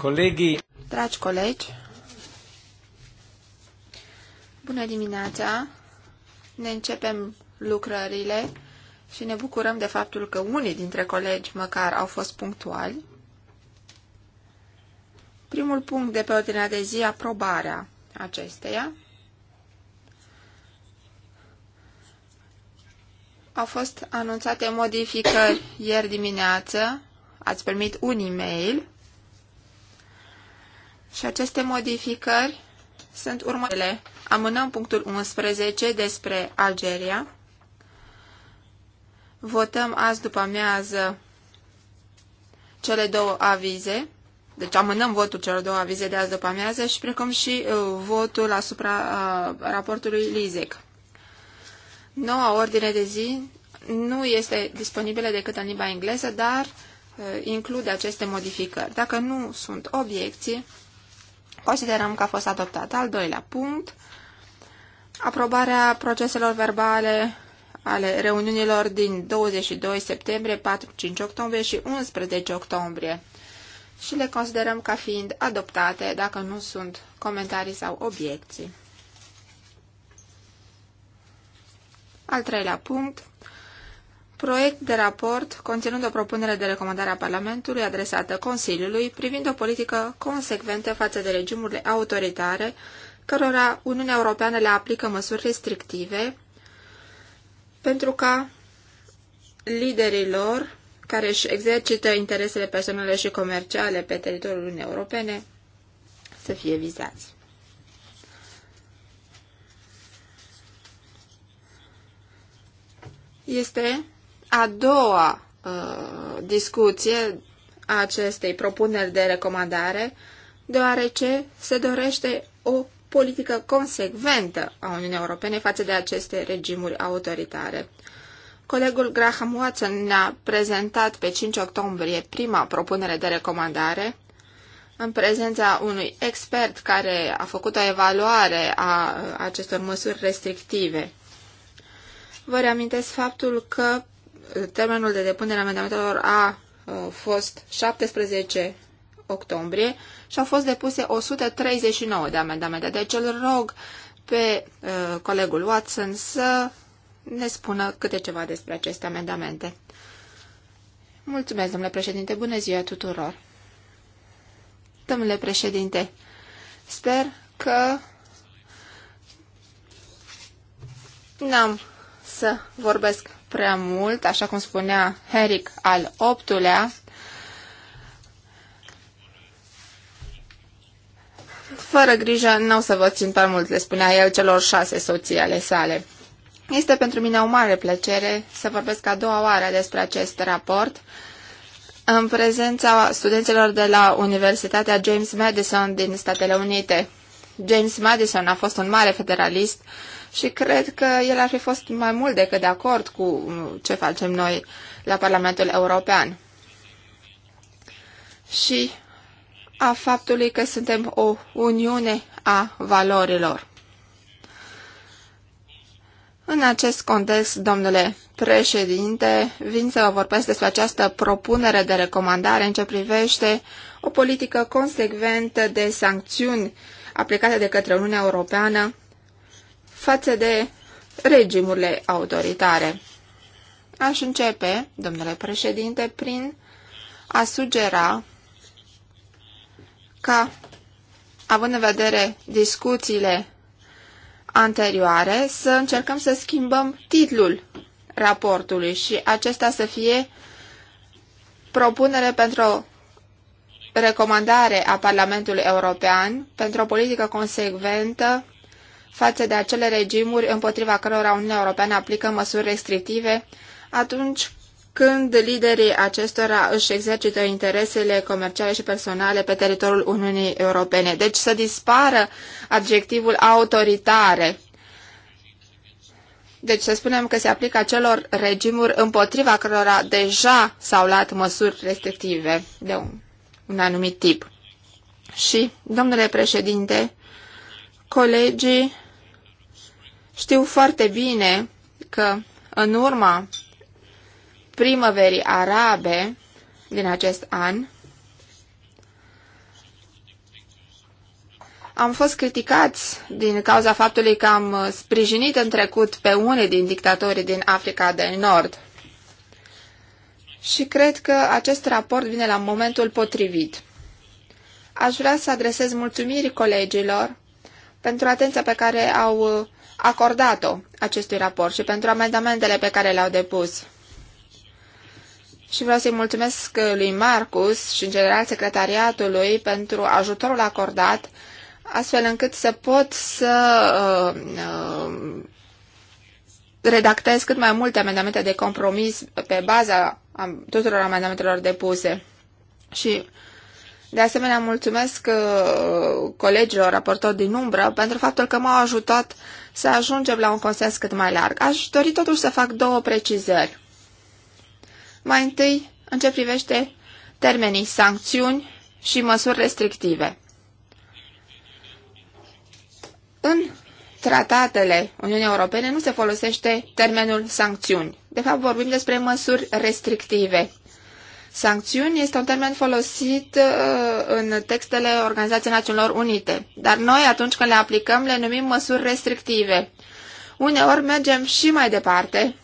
Colegii... Dragi colegi, bună dimineața! Ne începem lucrările și ne bucurăm de faptul că unii dintre colegi măcar au fost punctuali. Primul punct de pe ordinea de zi, aprobarea acesteia. Au fost anunțate modificări ieri dimineață. Ați primit un e-mail și aceste modificări sunt următoarele. Amânăm punctul 11 despre Algeria. Votăm azi după amiază cele două avize. Deci amânăm votul celor două avize de azi după amiază și precum și uh, votul asupra uh, raportului LISEC. Noua ordine de zi nu este disponibilă decât în limba engleză, dar uh, include aceste modificări. Dacă nu sunt obiecții, Considerăm că a fost adoptat. Al doilea punct, aprobarea proceselor verbale ale reuniunilor din 22 septembrie, 4-5 octombrie și 11 octombrie și le considerăm ca fiind adoptate dacă nu sunt comentarii sau obiecții. Al treilea punct, proiect de raport conținând o propunere de recomandare a Parlamentului adresată Consiliului privind o politică consecventă față de regimurile autoritare cărora Uniunea Europeană le aplică măsuri restrictive pentru ca lor, care își exercită interesele personale și comerciale pe teritoriul Uniunii Europene să fie vizați. Este a doua uh, discuție a acestei propuneri de recomandare, deoarece se dorește o politică consecventă a Uniunii Europene față de aceste regimuri autoritare. Colegul Graham Watson ne-a prezentat pe 5 octombrie prima propunere de recomandare în prezența unui expert care a făcut o evaluare a acestor măsuri restrictive. Vă reamintesc faptul că termenul de depunere a amendamentelor a uh, fost 17 octombrie și au fost depuse 139 de amendamente. Deci îl rog pe uh, colegul Watson să ne spună câte ceva despre aceste amendamente. Mulțumesc, domnule președinte. Bună ziua tuturor. Domnule președinte, sper că n-am să vorbesc prea mult, așa cum spunea Heric al optulea, Fără grijă, nu o să vă țin prea mult, le spunea el celor șase soții ale sale. Este pentru mine o mare plăcere să vorbesc a doua oară despre acest raport în prezența studenților de la Universitatea James Madison din Statele Unite. James Madison a fost un mare federalist și cred că el ar fi fost mai mult decât de acord cu ce facem noi la Parlamentul European. Și a faptului că suntem o uniune a valorilor. În acest context, domnule președinte, vin să vă vorbesc despre această propunere de recomandare în ce privește o politică consecventă de sancțiuni aplicate de către Uniunea Europeană față de regimurile autoritare. Aș începe, domnule președinte, prin a sugera ca, având în vedere discuțiile anterioare, să încercăm să schimbăm titlul raportului și acesta să fie propunere pentru recomandare a Parlamentului European pentru o politică consecventă față de acele regimuri împotriva cărora Uniunea Europeană aplică măsuri restrictive atunci când liderii acestora își exercită interesele comerciale și personale pe teritoriul Uniunii Europene. Deci să dispară adjectivul autoritare. Deci să spunem că se aplică acelor regimuri împotriva cărora deja s-au luat măsuri restrictive. De un un anumit tip. Și, domnule președinte, colegii știu foarte bine că în urma primăverii arabe din acest an, am fost criticați din cauza faptului că am sprijinit în trecut pe unii din dictatorii din Africa de Nord și cred că acest raport vine la momentul potrivit. Aș vrea să adresez mulțumiri colegilor pentru atenția pe care au uh, acordat-o acestui raport și pentru amendamentele pe care le-au depus. Și vreau să-i mulțumesc uh, lui Marcus și în general secretariatului pentru ajutorul acordat, astfel încât să pot să uh, uh, redactez cât mai multe amendamente de compromis pe baza tuturor amendamentelor depuse. Și de asemenea, mulțumesc uh, colegilor raportori din umbră pentru faptul că m-au ajutat să ajungem la un consens cât mai larg. Aș dori totuși să fac două precizări. Mai întâi, în ce privește termenii sancțiuni și măsuri restrictive. În tratatele Uniunii Europene nu se folosește termenul sancțiuni. De fapt, vorbim despre măsuri restrictive. Sancțiuni este un termen folosit uh, în textele Organizației Națiunilor Unite, dar noi atunci când le aplicăm le numim măsuri restrictive. Uneori mergem și mai departe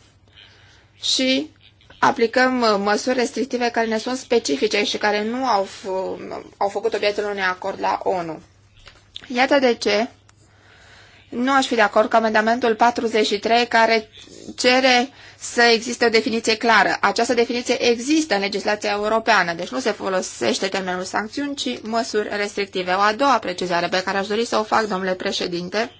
și aplicăm uh, măsuri restrictive care ne sunt specifice și care nu au, au făcut obiectul unui acord la ONU. Iată de ce nu aș fi de acord cu amendamentul 43 care cere să existe o definiție clară. Această definiție există în legislația europeană, deci nu se folosește termenul sancțiuni, ci măsuri restrictive. O a doua precizare pe care aș dori să o fac, domnule președinte,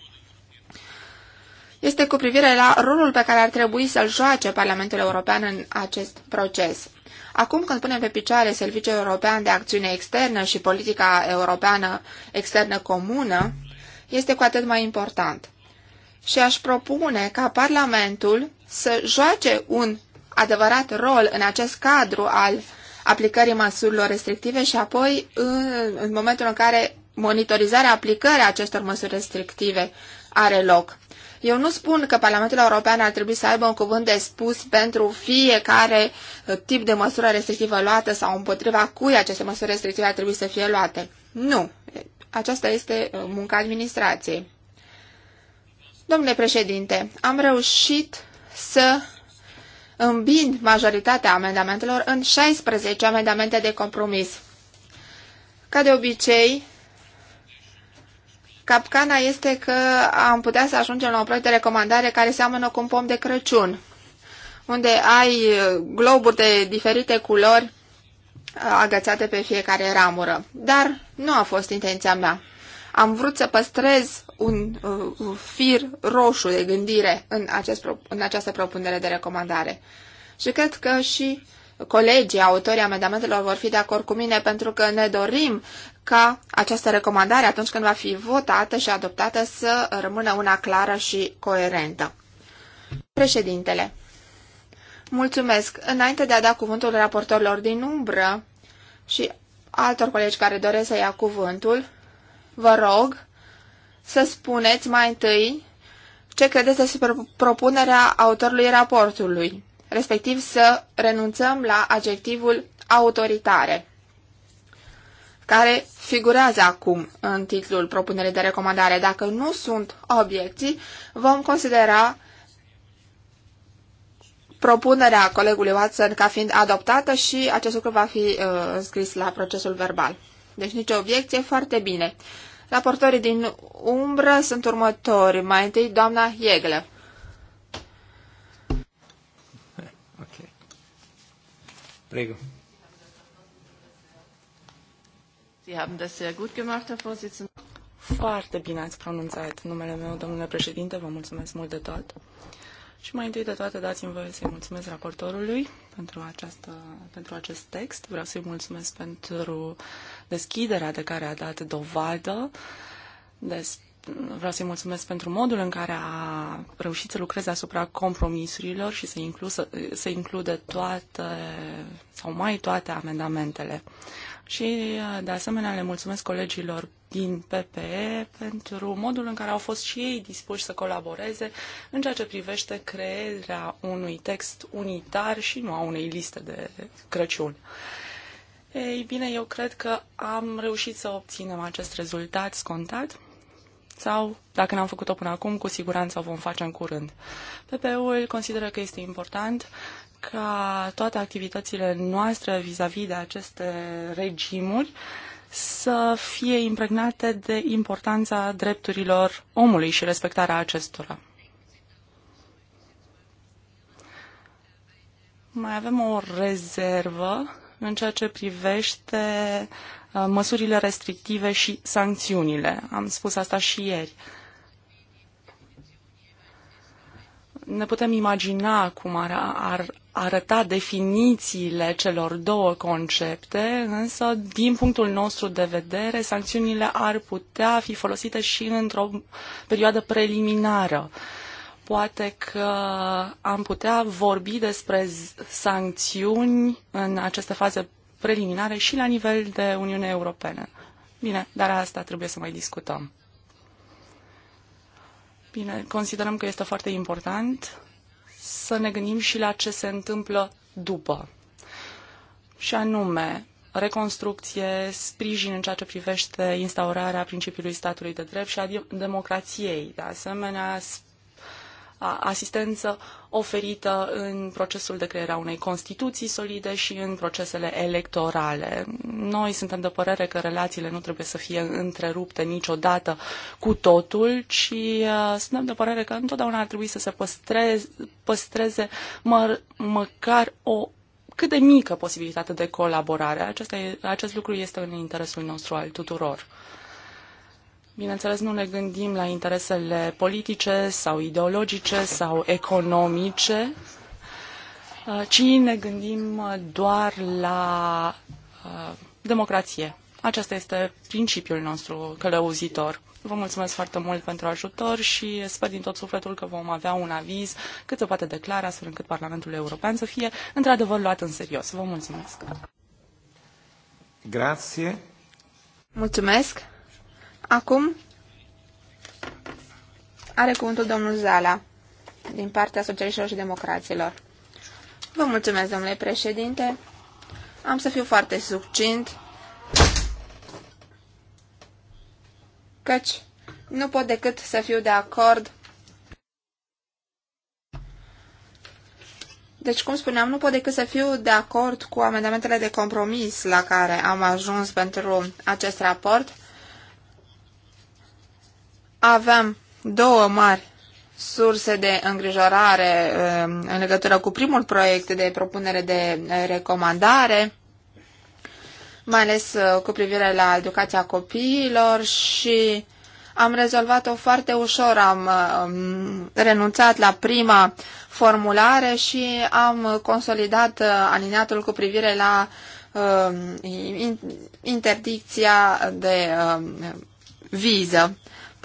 este cu privire la rolul pe care ar trebui să-l joace Parlamentul European în acest proces. Acum când punem pe picioare Serviciul European de Acțiune Externă și politica europeană externă comună, este cu atât mai important. Și aș propune ca Parlamentul să joace un adevărat rol în acest cadru al aplicării măsurilor restrictive și apoi în, în momentul în care monitorizarea aplicării acestor măsuri restrictive are loc. Eu nu spun că Parlamentul European ar trebui să aibă un cuvânt de spus pentru fiecare uh, tip de măsură restrictivă luată sau împotriva cui aceste măsuri restrictive ar trebui să fie luate. Nu aceasta este uh, munca administrației. Domnule președinte, am reușit să îmbind majoritatea amendamentelor în 16 amendamente de compromis. Ca de obicei, capcana este că am putea să ajungem la un proiect de recomandare care seamănă cu un pom de Crăciun, unde ai uh, globuri de diferite culori agățate pe fiecare ramură, dar nu a fost intenția mea. Am vrut să păstrez un uh, fir roșu de gândire în, acest, în această propunere de recomandare. Și cred că și colegii, autorii amendamentelor vor fi de acord cu mine pentru că ne dorim ca această recomandare, atunci când va fi votată și adoptată, să rămână una clară și coerentă. Președintele Mulțumesc. Înainte de a da cuvântul raportorilor din umbră, și altor colegi care doresc să ia cuvântul, vă rog să spuneți mai întâi ce credeți despre propunerea autorului raportului, respectiv să renunțăm la adjectivul autoritare, care figurează acum în titlul propunerii de recomandare. Dacă nu sunt obiecții, vom considera propunerea colegului Watson ca fiind adoptată și acest lucru va fi uh, scris la procesul verbal. Deci nicio obiecție, foarte bine. Raportorii din umbră sunt următori. Mai întâi doamna Iegle. Ok. Prego. Sie haben das sehr gut gemacht, Herr Vorsitzender. Foarte bine ați pronunțat numele meu, domnule președinte, vă mulțumesc mult de tot. Și mai întâi de toate dați-mi voie să-i mulțumesc raportorului pentru, această, pentru acest text. Vreau să-i mulțumesc pentru deschiderea de care a dat dovadă. Des, vreau să-i mulțumesc pentru modul în care a reușit să lucreze asupra compromisurilor și să, inclu, să, să include toate sau mai toate amendamentele. Și, de asemenea, le mulțumesc colegilor din PPE pentru modul în care au fost și ei dispuși să colaboreze în ceea ce privește crearea unui text unitar și nu a unei liste de Crăciun. Ei bine, eu cred că am reușit să obținem acest rezultat scontat sau, dacă n-am făcut-o până acum, cu siguranță o vom face în curând. PPE-ul consideră că este important ca toate activitățile noastre vis-a-vis -vis de aceste regimuri să fie impregnate de importanța drepturilor omului și respectarea acestora. Mai avem o rezervă în ceea ce privește uh, măsurile restrictive și sancțiunile. Am spus asta și ieri. Uh, ne putem imagina cum ar, ar arăta definițiile celor două concepte, însă, din punctul nostru de vedere, sancțiunile ar putea fi folosite și într-o perioadă preliminară. Poate că am putea vorbi despre sancțiuni în aceste faze preliminare și la nivel de Uniune Europene. Bine, dar asta trebuie să mai discutăm. Bine, considerăm că este foarte important să ne gândim și la ce se întâmplă după. Și anume, reconstrucție, sprijin în ceea ce privește instaurarea principiului statului de drept și a democrației. De asemenea, asistență oferită în procesul de creare a unei constituții solide și în procesele electorale. Noi suntem de părere că relațiile nu trebuie să fie întrerupte niciodată cu totul, ci suntem de părere că întotdeauna ar trebui să se păstreze, păstreze mă, măcar o cât de mică posibilitate de colaborare. Acesta e, acest lucru este în interesul nostru al tuturor. Bineînțeles, nu ne gândim la interesele politice sau ideologice sau economice, uh, ci ne gândim uh, doar la uh, democrație. Acesta este principiul nostru călăuzitor. Vă mulțumesc foarte mult pentru ajutor și sper din tot sufletul că vom avea un aviz cât se poate declara, astfel încât Parlamentul European să fie într-adevăr luat în serios. Vă mulțumesc! Grazie! Mulțumesc! Acum are cuvântul domnul Zala, din partea Socialiștilor și Democraților. Vă mulțumesc, domnule președinte. Am să fiu foarte succint, căci nu pot decât să fiu de acord. Deci, cum spuneam, nu pot decât să fiu de acord cu amendamentele de compromis la care am ajuns pentru acest raport aveam două mari surse de îngrijorare um, în legătură cu primul proiect de propunere de uh, recomandare, mai ales uh, cu privire la educația copiilor și am rezolvat-o foarte ușor, am uh, um, renunțat la prima formulare și am consolidat alineatul cu privire la um, interdicția de viză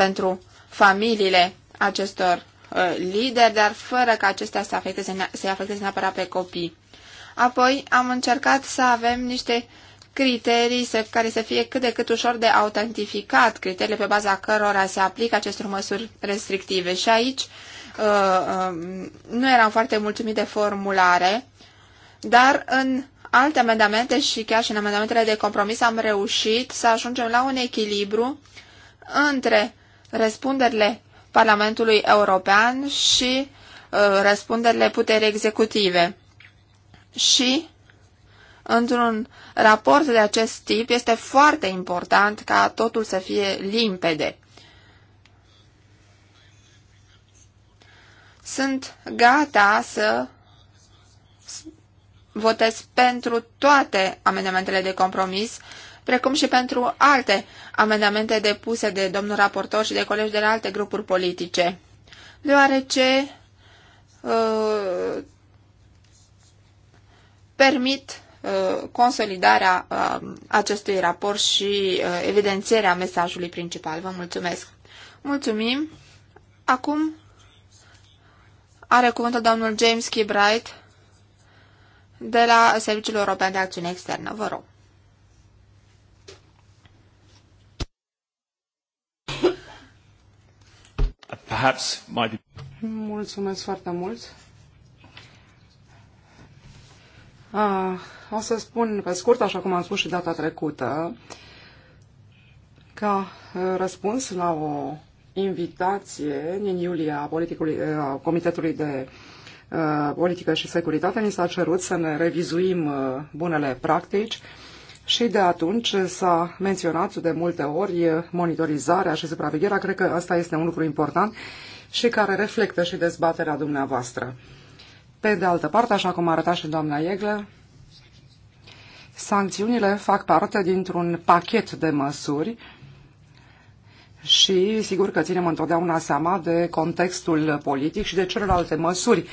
pentru familiile acestor uh, lideri, dar fără ca acestea să afecteze, să afecteze neapărat pe copii. Apoi am încercat să avem niște criterii să, care să fie cât de cât ușor de autentificat, criteriile pe baza cărora se aplică acestor măsuri restrictive. Și aici uh, uh, nu eram foarte mulțumit de formulare, dar în alte amendamente și chiar și în amendamentele de compromis am reușit să ajungem la un echilibru între răspunderile Parlamentului European și uh, răspunderile puterii executive. Și într-un raport de acest tip este foarte important ca totul să fie limpede. Sunt gata să votez pentru toate amendamentele de compromis precum și pentru alte amendamente depuse de domnul raportor și de colegi de la alte grupuri politice, deoarece uh, permit uh, consolidarea uh, acestui raport și uh, evidențierea mesajului principal. Vă mulțumesc! Mulțumim! Acum are cuvântul domnul James Kibright de la Serviciul European de Acțiune Externă. Vă rog! perhaps might be... Mulțumesc foarte mult. Ah, o să spun pe scurt, așa cum am spus și data trecută, ca răspuns la o invitație din iulie a, politicului, Comitetului de Politică și Securitate, ni s-a cerut să ne revizuim bunele practici și de atunci s-a menționat de multe ori monitorizarea și supravegherea. Cred că asta este un lucru important și care reflectă și dezbaterea dumneavoastră. Pe de altă parte, așa cum arăta și doamna Iegle, sancțiunile fac parte dintr-un pachet de măsuri și sigur că ținem întotdeauna seama de contextul politic și de celelalte măsuri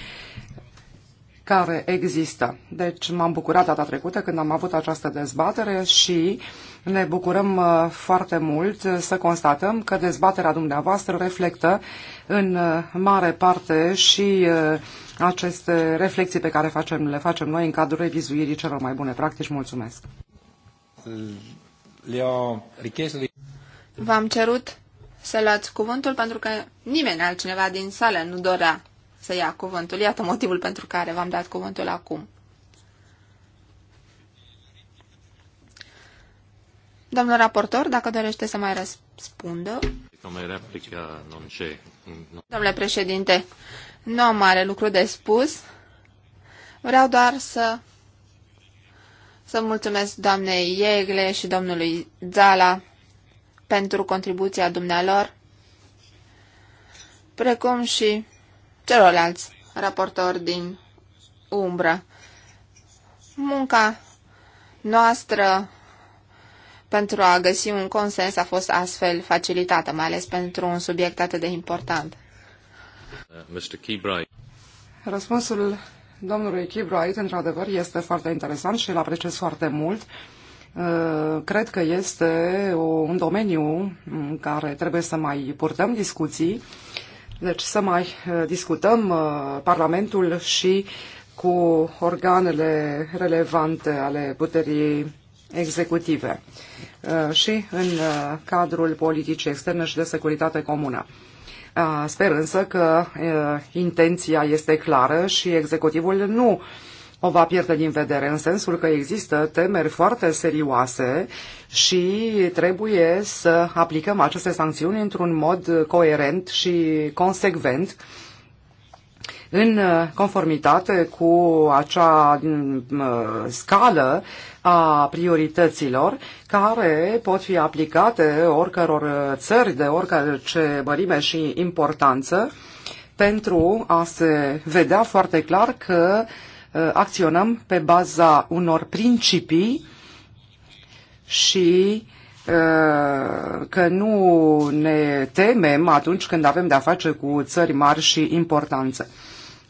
care există. Deci m-am bucurat data trecută când am avut această dezbatere și ne bucurăm uh, foarte mult să constatăm că dezbaterea dumneavoastră reflectă în uh, mare parte și uh, aceste reflexii pe care facem, le facem noi în cadrul revizuirii celor mai bune practici. Mulțumesc! V-am cerut să luați cuvântul pentru că nimeni altcineva din sală nu dorea să ia cuvântul. Iată motivul pentru care v-am dat cuvântul acum. Domnul raportor, dacă dorește să mai răspundă. Domnule președinte, nu am mare lucru de spus. Vreau doar să să mulțumesc doamnei Iegle și domnului Zala pentru contribuția dumnealor, precum și celorlalți raportori din umbră. Munca noastră pentru a găsi un consens a fost astfel facilitată, mai ales pentru un subiect atât de important. Uh, Răspunsul domnului Kibroit, într-adevăr, este foarte interesant și îl apreciez foarte mult. Uh, cred că este un domeniu în care trebuie să mai purtăm discuții deci să mai eh, discutăm eh, Parlamentul și cu organele relevante ale puterii executive eh, și în cadrul politicii externe și de securitate comună. Sper însă că intenția este clară și executivul nu uh, o va pierde din vedere, în sensul că există temeri foarte serioase și trebuie să aplicăm aceste sancțiuni într-un mod coerent și consecvent în conformitate cu acea mm, scală a priorităților care pot fi aplicate oricăror țări de orice mărime și importanță pentru a se vedea foarte clar că uh, Uh, acționăm pe baza unor principii și uh, că nu ne temem atunci când avem de-a face cu țări mari și importanță.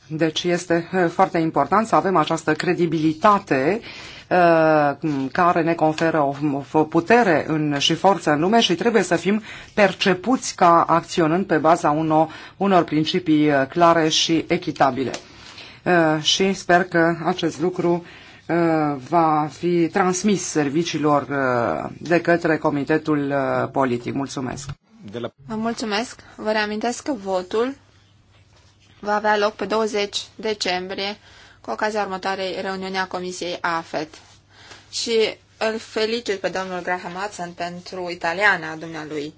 Deci este uh, foarte important să avem această credibilitate care ne conferă o putere în, și forță în lume și trebuie să fim percepuți ca acționând pe baza unor, unor principii clare și echitabile. Uh, și sper că acest lucru uh, va fi transmis serviciilor uh, de către Comitetul Politic. Mulțumesc! De la... Vă mulțumesc! Vă reamintesc că votul va avea loc pe 20 decembrie cu ocazia următoarei reuniunii a Comisiei AFET. Și îl felicit pe domnul Graham Hudson pentru italiana dumnealui.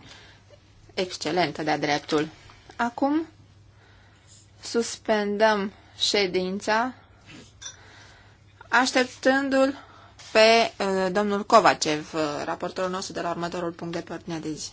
Excelentă de-a dreptul. Acum suspendăm ședința așteptându-l pe uh, domnul Kovacev, uh, raportorul nostru de la următorul punct de pe ordinea de zi.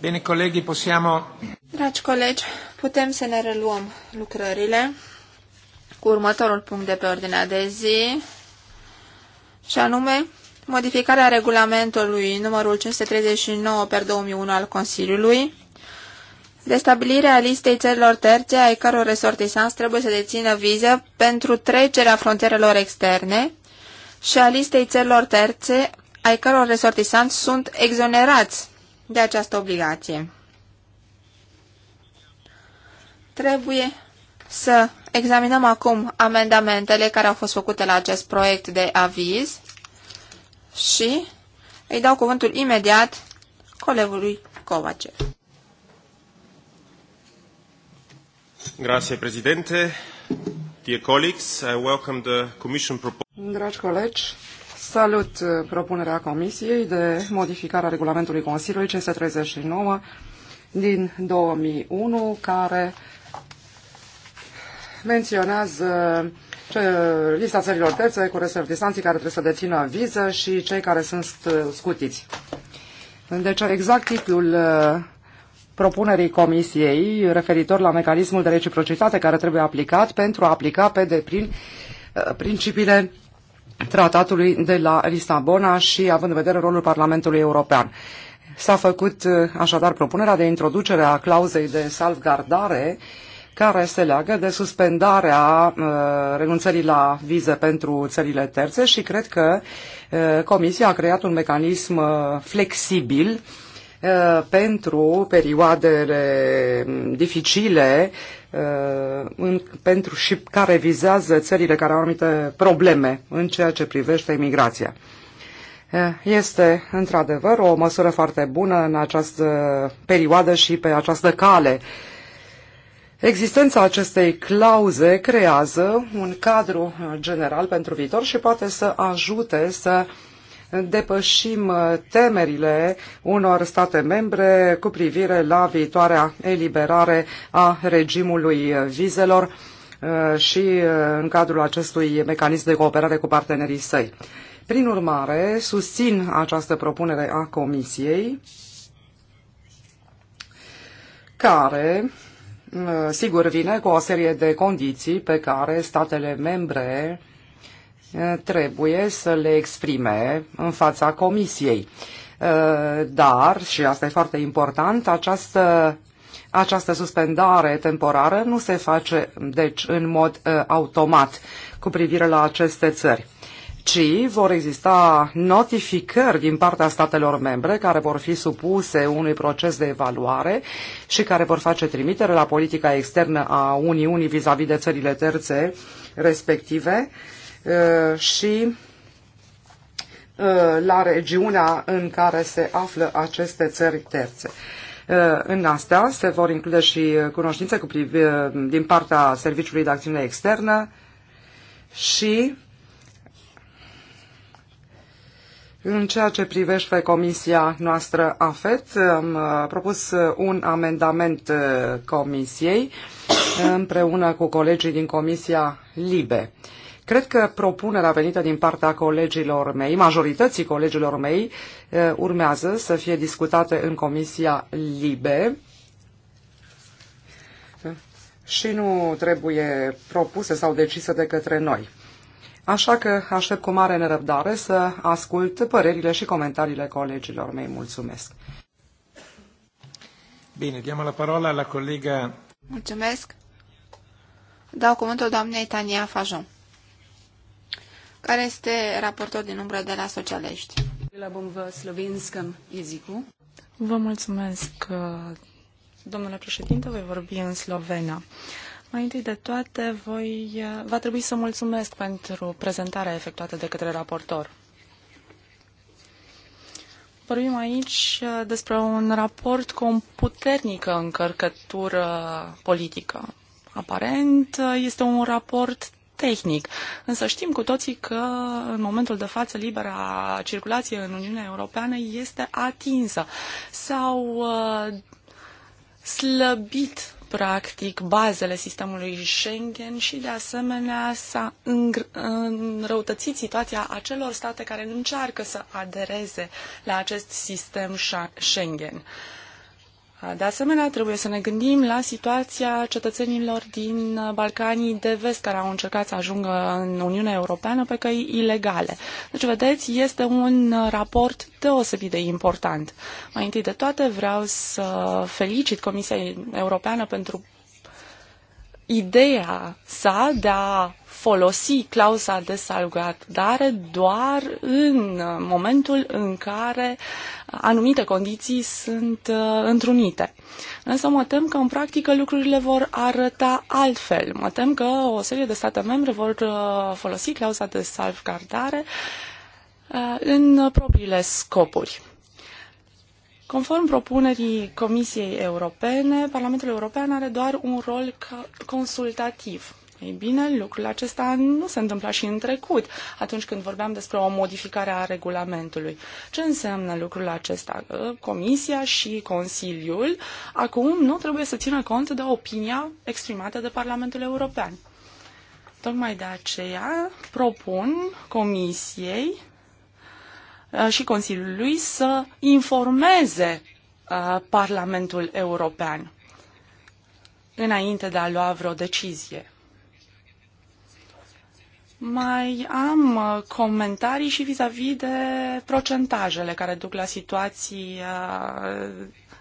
Bine, colegi, possiamo... Dragi colegi, putem să ne reluăm lucrările cu următorul punct de pe ordinea de zi, și anume modificarea regulamentului numărul 539 per 2001 al Consiliului, destabilirea listei țărilor terțe ai căror resortisans trebuie să dețină viză pentru trecerea frontierelor externe și a listei țărilor terțe ai căror resortisanți sunt exonerați de această obligație. Trebuie să examinăm acum amendamentele care au fost făcute la acest proiect de aviz și îi dau cuvântul imediat colegului Covace. Grazie, Presidente. Dear colleagues, I welcome the Commission proposal. Dragi colegi, Salut uh, propunerea Comisiei de modificare a regulamentului Consiliului 539 din 2001, care menționează uh, lista țărilor terțe cu resortisanții care trebuie să dețină viză și cei care sunt uh, scutiți. Deci exact titlul propunerii Comisiei referitor la mecanismul de reciprocitate care trebuie aplicat pentru a aplica pe deplin principiile tratatului de la Lisabona și având în vedere rolul Parlamentului European. S-a făcut uh, așadar propunerea de introducere a clauzei de salvgardare care se leagă de suspendarea uh, renunțării la vize pentru țările terțe și cred că uh, Comisia a creat un mecanism uh, flexibil uh, Uh, pentru perioadele dificile uh, în, pentru și care vizează țările care au anumite probleme în ceea ce privește imigrația. Uh, este într-adevăr o măsură foarte bună în această perioadă și pe această cale. Existența acestei clauze creează un cadru general pentru viitor și poate să ajute să uh, depășim uh, temerile unor state membre cu privire la viitoarea eliberare a regimului vizelor uh, și uh, în cadrul acestui mecanism de cooperare cu partenerii săi. Prin urmare, susțin această propunere a Comisiei care, sigur, vine cu o serie de condiții pe care statele membre Eh, trebuie să le exprime în fața comisiei. Eh, dar, și asta e foarte important, această, această suspendare temporară nu se face deci în mod eh, automat cu privire la aceste țări ci vor exista notificări din partea statelor membre care vor fi supuse unui proces de evaluare și care vor face trimitere la politica externă a Uniunii vis-a-vis -vis de țările terțe respective Uh, și uh, la regiunea în care se află aceste țări terțe. Uh, în astea se vor include și cunoștințe cu priv- din partea Serviciului de Acțiune Externă și În ceea ce privește comisia noastră AFET, am propus un amendament comisiei împreună cu colegii din comisia LIBE. Cred că propunerea venită din partea colegilor mei, majorității colegilor mei, eh, urmează să fie discutată în Comisia Libe și nu trebuie propuse sau decise de către noi. Așa că aștept cu mare nerăbdare să ascult părerile și comentariile colegilor mei. Mulțumesc! Bine, diamă la parola la colega... Mulțumesc! Dau cuvântul doamnei Tania Fajon care este raportor din umbră de la Socialești. Vă mulțumesc, domnule președinte, voi vorbi în slovena. Mai întâi de toate, voi, va trebui să mulțumesc pentru prezentarea efectuată de către raportor. Vorbim aici despre un raport cu o puternică încărcătură politică. Aparent, este un raport tehnic. Însă știm cu toții că în momentul de față libera circulație în Uniunea Europeană este atinsă. S-au uh, slăbit practic bazele sistemului Schengen și de asemenea s-a înrăutățit situația acelor state care încearcă să adereze la acest sistem Schengen. Uh, de asemenea, trebuie să ne gândim la situația cetățenilor din Balcanii de vest care au încercat să ajungă în Uniunea Europeană pe căi ilegale. Deci, vedeți, este un raport deosebit de important. Mai întâi de toate, vreau să felicit Comisia Europeană pentru ideea sa de a folosi clauza de salvgardare doar în momentul în care anumite condiții sunt uh, întrunite. Însă mă tem că în practică lucrurile vor arăta altfel. Mă tem că o serie de state membre vor uh, folosi clauza de salvgardare uh, în propriile scopuri. Conform propunerii Comisiei Europene, Parlamentul European are doar un rol consultativ. Ei bine, lucrul acesta nu se întâmpla și în trecut, atunci când vorbeam despre o modificare a regulamentului. Ce înseamnă lucrul acesta? Comisia și Consiliul acum nu trebuie să țină cont de opinia exprimată de Parlamentul European. Tocmai de aceea propun Comisiei Uh, și Consiliului să informeze uh, Parlamentul European înainte de a lua vreo decizie. Mai am uh, comentarii și vis-a-vis de procentajele care duc la situații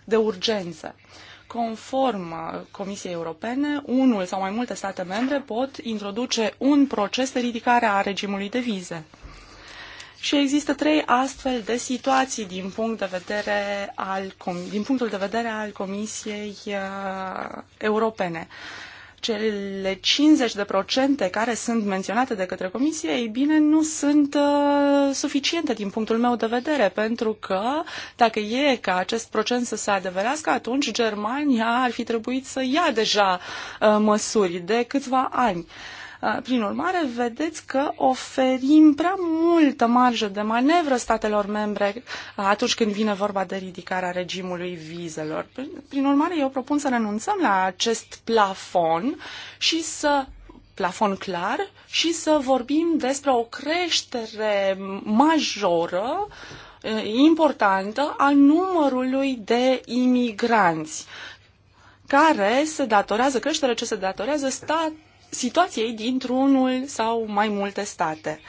de urgență. Conform Comisiei Europene, unul sau mai multe state membre pot introduce un proces de ridicare a regimului de vize. Și există trei astfel de situații din, punct de vedere al, din punctul de vedere al Comisiei uh, Europene. Cele 50% care sunt menționate de către Comisie, ei bine, nu sunt uh, suficiente din punctul meu de vedere, pentru că dacă e ca acest procent să se adevărească, atunci Germania ar fi trebuit să ia deja uh, măsuri de câțiva ani. Uh, Uh, prin urmare, vedeți că oferim prea multă marjă de manevră statelor membre uh, atunci când vine vorba de ridicarea regimului vizelor. Prin urmare, eu propun să renunțăm la acest plafon și să plafon clar și să vorbim despre o creștere majoră uh, importantă a numărului de imigranți care se datorează, creșterea ce se datorează stat, situației dintr-unul sau mai multe state.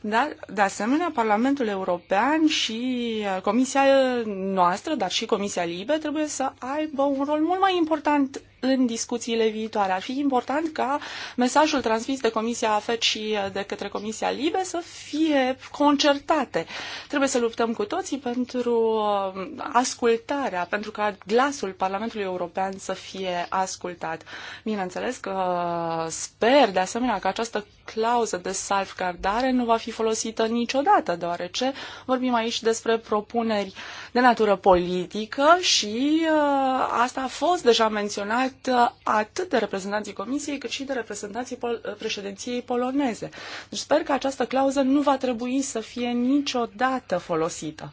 Dar, de asemenea, Parlamentul European și uh, Comisia noastră, dar și Comisia Libe, trebuie să aibă un rol mult mai important în discuțiile viitoare. Ar fi important ca mesajul transmis de Comisia AFET și uh, de către Comisia LIBE să fie concertate. Trebuie să luptăm cu toții pentru uh, ascultarea, pentru ca glasul Parlamentului European să fie ascultat. Bineînțeles că uh, sper de asemenea că această clauză de salvgardare nu va fi folosită niciodată, deoarece vorbim aici despre propuneri de natură politică și uh, asta a fost deja menționat participat uh, atât de reprezentanții Comisiei cât și de reprezentanții pol- uh, președinției poloneze. Deci sper că această clauză nu va trebui să fie niciodată folosită.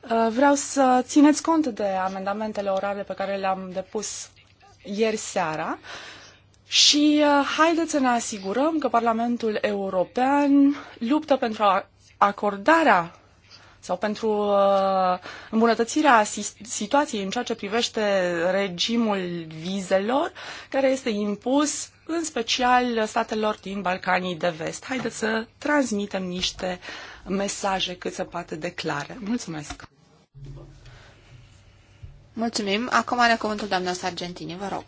Uh, vreau să țineți cont de amendamentele orale pe care le-am depus ieri seara și haideți să ne asigurăm că Parlamentul European luptă pentru acordarea sau pentru uh, îmbunătățirea situației în ceea ce privește regimul vizelor care este impus în special statelor din Balcanii de Vest. Haideți să transmitem niște mesaje cât se poate de clare. Mulțumesc! Mulțumim. Acum are cuvântul doamna Sargentini, vă rog.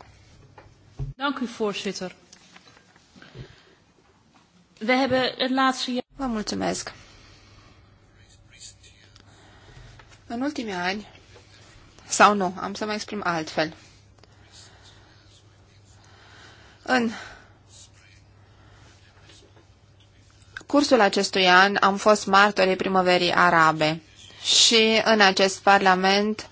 We Vă mulțumesc. În ultimii ani, sau nu, am să mă exprim altfel. În cursul acestui an am fost martorii primăverii arabe și în acest parlament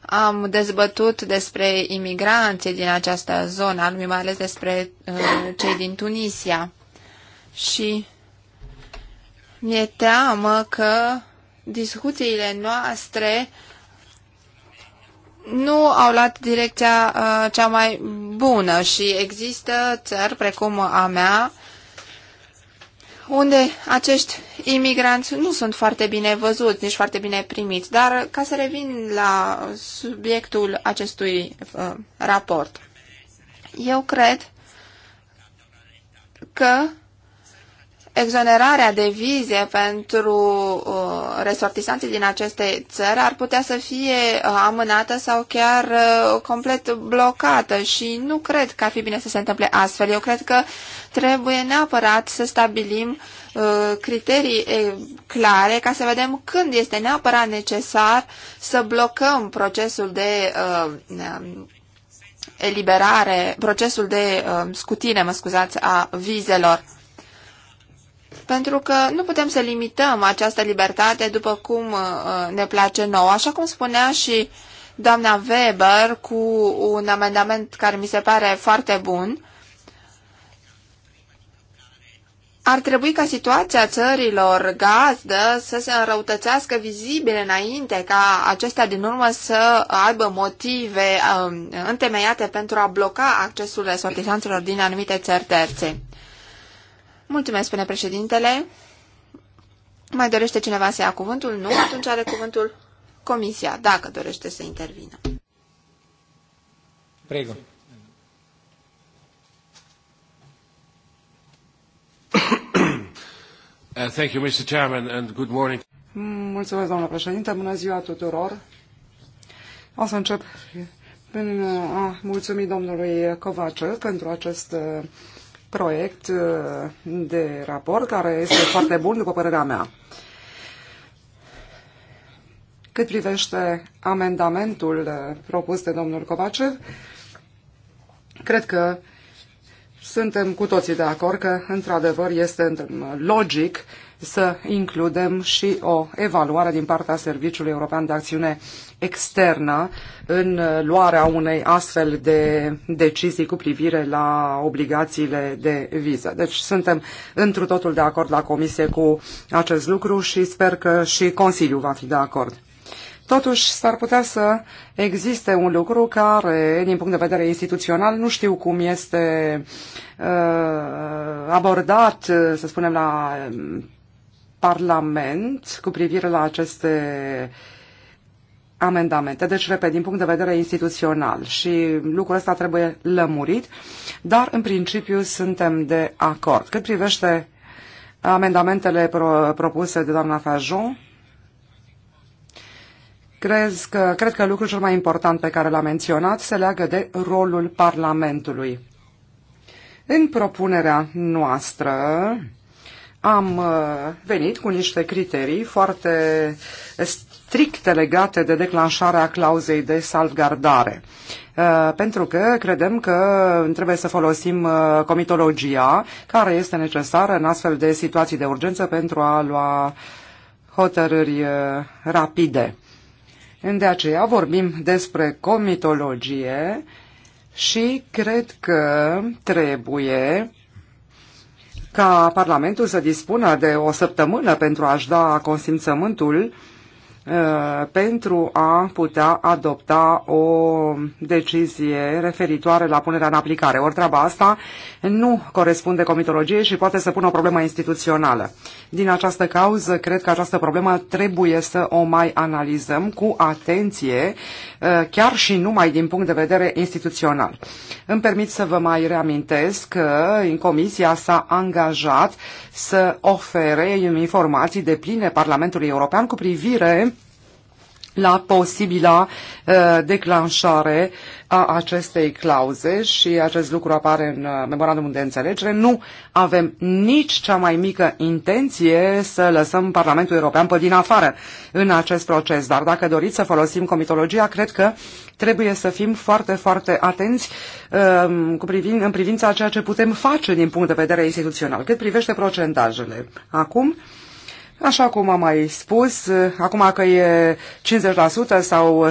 am dezbătut despre imigranții din această zonă, anume mai ales despre uh, cei din Tunisia. Și mi-e teamă că discuțiile noastre nu au luat direcția uh, cea mai bună și există țări precum a mea unde acești imigranți nu sunt foarte bine văzuți, nici foarte bine primiți. Dar ca să revin la subiectul acestui uh, raport, eu cred că exonerarea de vize pentru uh, resortisanții din aceste țări ar putea să fie uh, amânată sau chiar uh, complet blocată și nu cred că ar fi bine să se întâmple astfel. Eu cred că trebuie neapărat să stabilim criterii clare ca să vedem când este neapărat necesar să blocăm procesul de um, eliberare, procesul de um, scutine, mă scuzați, a vizelor pentru că nu putem să limităm această libertate după cum uh, uh, ne place nouă. Așa cum spunea și doamna Weber cu un amendament care mi se pare foarte bun, ar trebui ca situația țărilor gazdă să se înrăutățească vizibil înainte ca acestea din urmă să aibă motive um, întemeiate pentru a bloca accesul resortisanților din anumite țări terțe. Mulțumesc, spune președintele. Mai dorește cineva să ia cuvântul? Nu? Atunci are cuvântul comisia, dacă dorește să intervină. Prego. Uh, thank you, Mr. Chairman, and good morning. Mulțumesc, doamnă președinte. Bună ziua tuturor. O să încep prin a mulțumi domnului Covace pentru acest uh, proiect uh, de raport care este foarte bun, după părerea mea. Cât privește amendamentul uh, propus de domnul Covacev, cred că suntem cu toții de acord că, într-adevăr, este logic să includem și o evaluare din partea Serviciului European de Acțiune Externă în luarea unei astfel de decizii cu privire la obligațiile de viză. Deci suntem întru totul de acord la Comisie cu acest lucru și sper că și Consiliul va fi de acord. Totuși, s-ar putea să existe un lucru care, din punct de vedere instituțional, nu știu cum este uh, abordat, să spunem, la Parlament cu privire la aceste amendamente. Deci, repet, din punct de vedere instituțional și lucrul ăsta trebuie lămurit, dar în principiu suntem de acord. Cât privește amendamentele pro propuse de doamna Fajon, Crez că, cred că lucrul cel mai important pe care l-a menționat se leagă de rolul Parlamentului. În propunerea noastră, am uh, venit cu niște criterii foarte stricte legate de declanșarea clauzei de salvgardare. Uh, pentru că credem că trebuie să folosim uh, comitologia care este necesară în astfel de situații de urgență pentru a lua hotărâri rapide. De aceea vorbim despre comitologie și cred că trebuie ca Parlamentul să dispună de o săptămână pentru a-și da consimțământul uh, pentru a putea adopta o decizie referitoare la punerea în aplicare. Ori treaba asta nu corespunde comitologiei și poate să pună o problemă instituțională. Din această cauză, cred că această problemă trebuie să o mai analizăm cu atenție Eh, chiar și numai din punct de vedere instituțional. Îmi permit să vă mai reamintesc că Comisia s-a angajat să ofere informații de pline Parlamentului European cu privire la posibila uh, declanșare a acestei clauze și acest lucru apare în uh, memorandumul de înțelegere. Nu avem nici cea mai mică intenție să lăsăm Parlamentul European pe din afară în acest proces, dar dacă doriți să folosim comitologia, cred că trebuie să fim foarte, foarte atenți uh, cu privin, în privința a ceea ce putem face din punct de vedere instituțional, cât privește procentajele. Acum, uh, Așa cum am mai spus, acum că e 50% sau 66%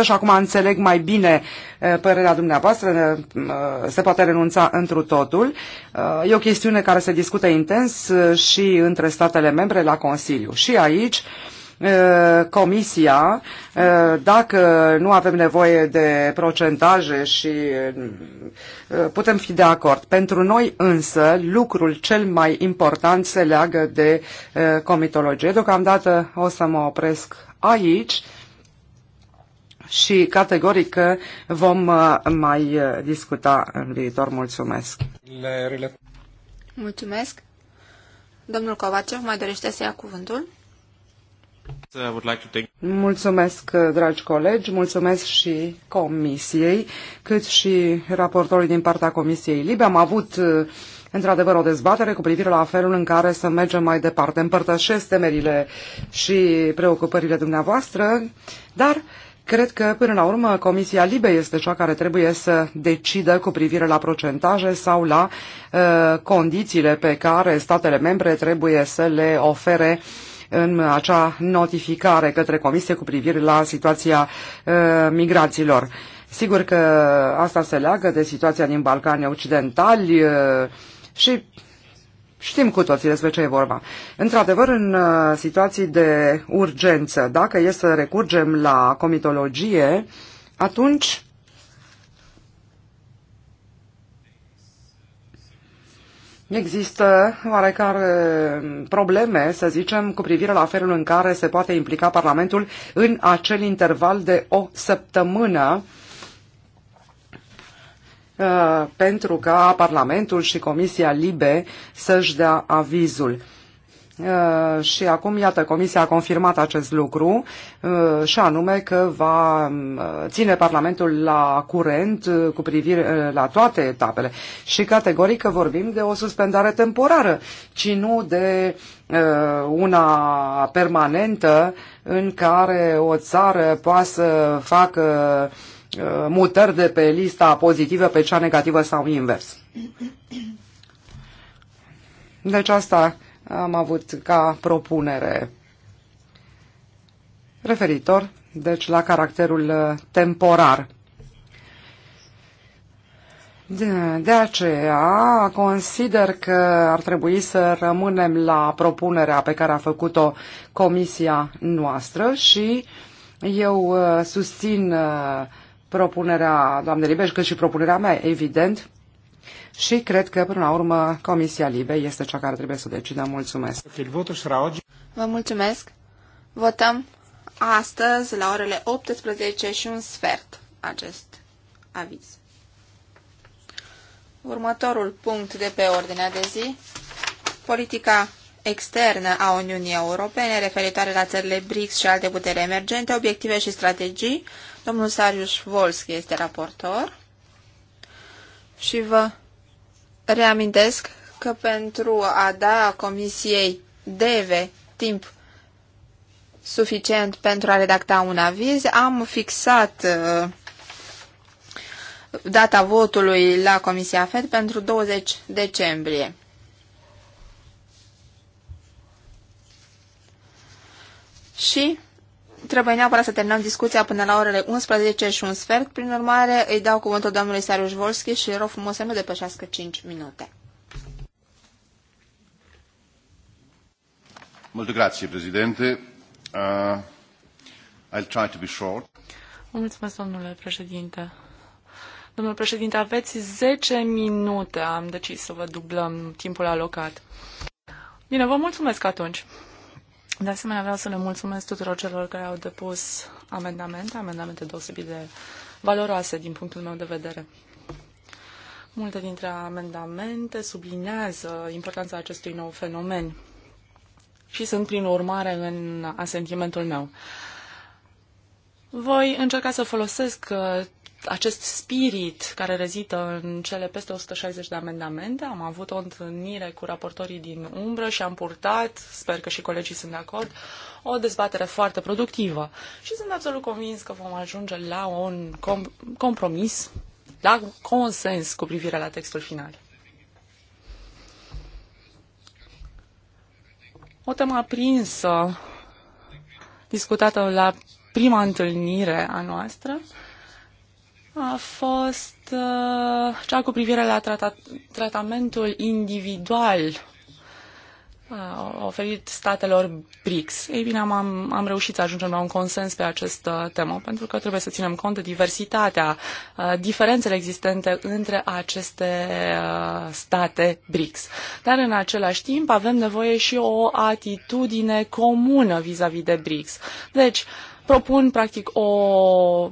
și acum înțeleg mai bine eh, părerea dumneavoastră, eh, eh, se poate renunța întru totul. E o chestiune care se discută intens și între statele membre la Consiliu. Și aici Eh, comisia, eh, dacă nu avem nevoie de procentaje și eh, putem fi de acord. Pentru noi însă, lucrul cel mai important se leagă de comitologie. Deocamdată o să mă opresc aici și categoric vom mai discuta în viitor. Mulțumesc! Mulțumesc! Domnul Covacev mai dorește să ia cuvântul? Mulțumesc, dragi colegi, mulțumesc și comisiei, cât și raportorii din partea comisiei LIBE. Am avut uh, într-adevăr o dezbatere cu privire la felul în care să mergem mai departe. Împărtășesc temerile și preocupările dumneavoastră, dar Cred că, până la urmă, Comisia Libe este cea care trebuie să decidă cu privire la procentaje sau la uh, condițiile pe care statele membre trebuie să le ofere uh, în acea notificare către Comisie cu privire la situația uh, migranților. Sigur că asta se leagă de situația din Balcanii Occidentali uh, și Știm cu toții despre ce e vorba. Într-adevăr, în uh, situații de urgență, dacă e să recurgem la comitologie, atunci Există oarecare probleme, să zicem, cu privire la felul în care se poate implica Parlamentul în acel interval de o săptămână uh, pentru ca Parlamentul și Comisia Libe să-și dea avizul. Uh, și acum, iată, Comisia a confirmat acest lucru uh, și anume că va uh, ține Parlamentul la curent cu privire la toate etapele și categoric că vorbim de o suspendare temporară, ci nu de una permanentă în care o țară poate să facă mutări de pe lista pozitivă pe cea negativă sau invers. Deci asta am avut ca propunere referitor, deci la caracterul uh, temporar. De, de aceea consider că ar trebui să rămânem la propunerea pe care a făcut-o comisia noastră și eu uh, susțin uh, propunerea doamnei Libeș, cât și propunerea mea, evident, și cred că, până la urmă, Comisia Libe este cea care trebuie să decidă. Mulțumesc! Deci vă mulțumesc! Votăm astăzi, la orele 18 și un sfert, acest aviz. Următorul punct de pe ordinea de zi, politica externă a Uniunii Europene referitoare la țările BRICS și alte putere emergente, obiective și strategii. Domnul Sarius Volski este raportor și vă reamintesc că pentru a da Comisiei DEVE timp suficient pentru a redacta un aviz, am fixat uh, data votului la Comisia FED pentru 20 decembrie. Și Trebuie neapărat să terminăm discuția până la orele 11 și un sfert. Prin urmare, îi dau cuvântul domnului Sariuș Volski și rog frumos să nu depășească 5 minute. Mult grație, președinte. Uh, I'll try to be short. Mulțumesc, domnule președinte. Domnule președinte, aveți 10 minute. Am decis să vă dublăm timpul alocat. Bine, vă mulțumesc atunci. De asemenea, vreau să le mulțumesc tuturor celor care au depus amendamente, amendamente deosebit de valoroase din punctul meu de vedere. Multe dintre amendamente sublinează importanța acestui nou fenomen și sunt, prin urmare, în asentimentul meu. Voi încerca să folosesc uh, acest spirit care rezită în cele peste 160 de amendamente. Am avut o întâlnire cu raportorii din umbră și am purtat, sper că și colegii sunt de acord, o dezbatere foarte productivă. Și sunt absolut convins că vom ajunge la un com- compromis, la consens cu privire la textul final. O temă aprinsă discutată la prima întâlnire a noastră a fost uh, cea cu privire la trata- tratamentul individual uh, oferit statelor BRICS. Ei bine, am, am reușit să ajungem la un consens pe această temă, pentru că trebuie să ținem cont de diversitatea, uh, diferențele existente între aceste uh, state BRICS. Dar în același timp avem nevoie și o atitudine comună vis-a-vis -vis de BRICS. Deci, uh, propun practic o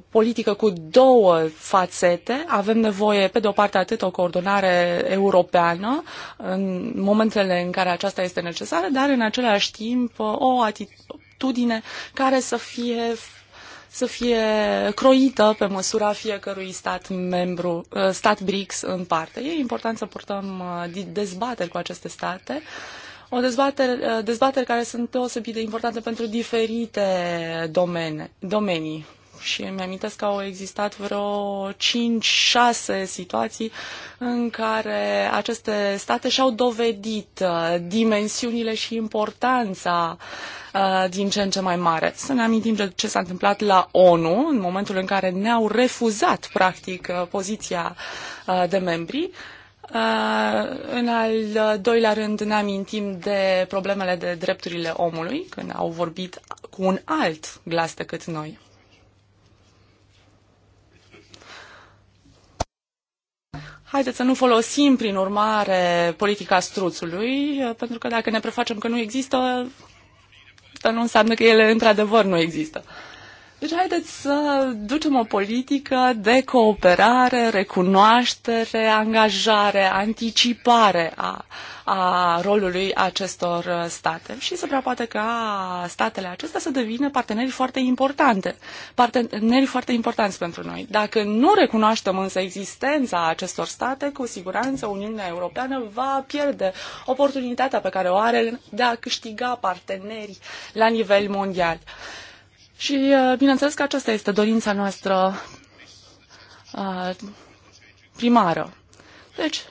politică cu două fațete. Avem nevoie, pe de o parte, atât o coordonare europeană în momentele în care aceasta este necesară, dar în același timp o atitudine care să fie să fie croită pe măsura fiecărui stat membru, stat BRICS în parte. E important să purtăm uh, dezbateri cu aceste state o dezbatere, eh, dezbatere care sunt deosebit de importante pentru diferite domene, domenii. Și îmi amintesc că au existat vreo 5-6 situații în care aceste state și-au dovedit eh, dimensiunile și importanța eh, din ce în ce mai mare. Să ne amintim de ce s-a întâmplat la ONU în momentul în care ne-au refuzat, practic, poziția de membri Uh, în al doilea rând ne amintim de problemele de drepturile omului, când au vorbit cu un alt glas decât noi. Haideți să nu folosim, prin urmare, politica struțului, uh, pentru că dacă ne prefacem că nu există, asta nu înseamnă că ele într-adevăr nu există. Deci haideți să ducem o politică de cooperare, recunoaștere, angajare, anticipare a, a rolului acestor state și se prea poate ca statele acestea să devină parteneri foarte importante, parteneri foarte importanți pentru noi. Dacă nu recunoaștem însă existența acestor state, cu siguranță Uniunea Europeană va pierde oportunitatea pe care o are de a câștiga parteneri la nivel mondial. Și uh, bineînțeles că aceasta este dorința noastră uh, primară. Deci,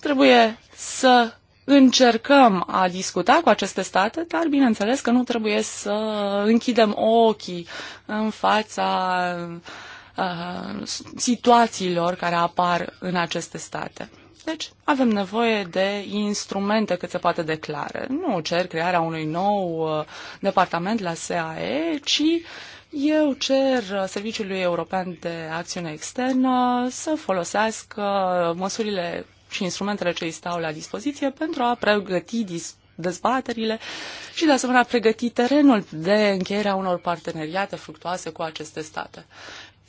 trebuie să încercăm a discuta cu aceste state, dar bineînțeles că nu trebuie să închidem ochii în fața uh, situațiilor care apar în aceste state. Deci avem nevoie de instrumente cât se poate de clare. Nu cer crearea unui nou uh, departament la SAE, ci eu cer uh, Serviciului European de Acțiune Externă să folosească măsurile și instrumentele ce îi stau la dispoziție pentru a pregăti dis- dezbaterile și, de asemenea, pregăti terenul de încheierea unor parteneriate fructuoase cu aceste state.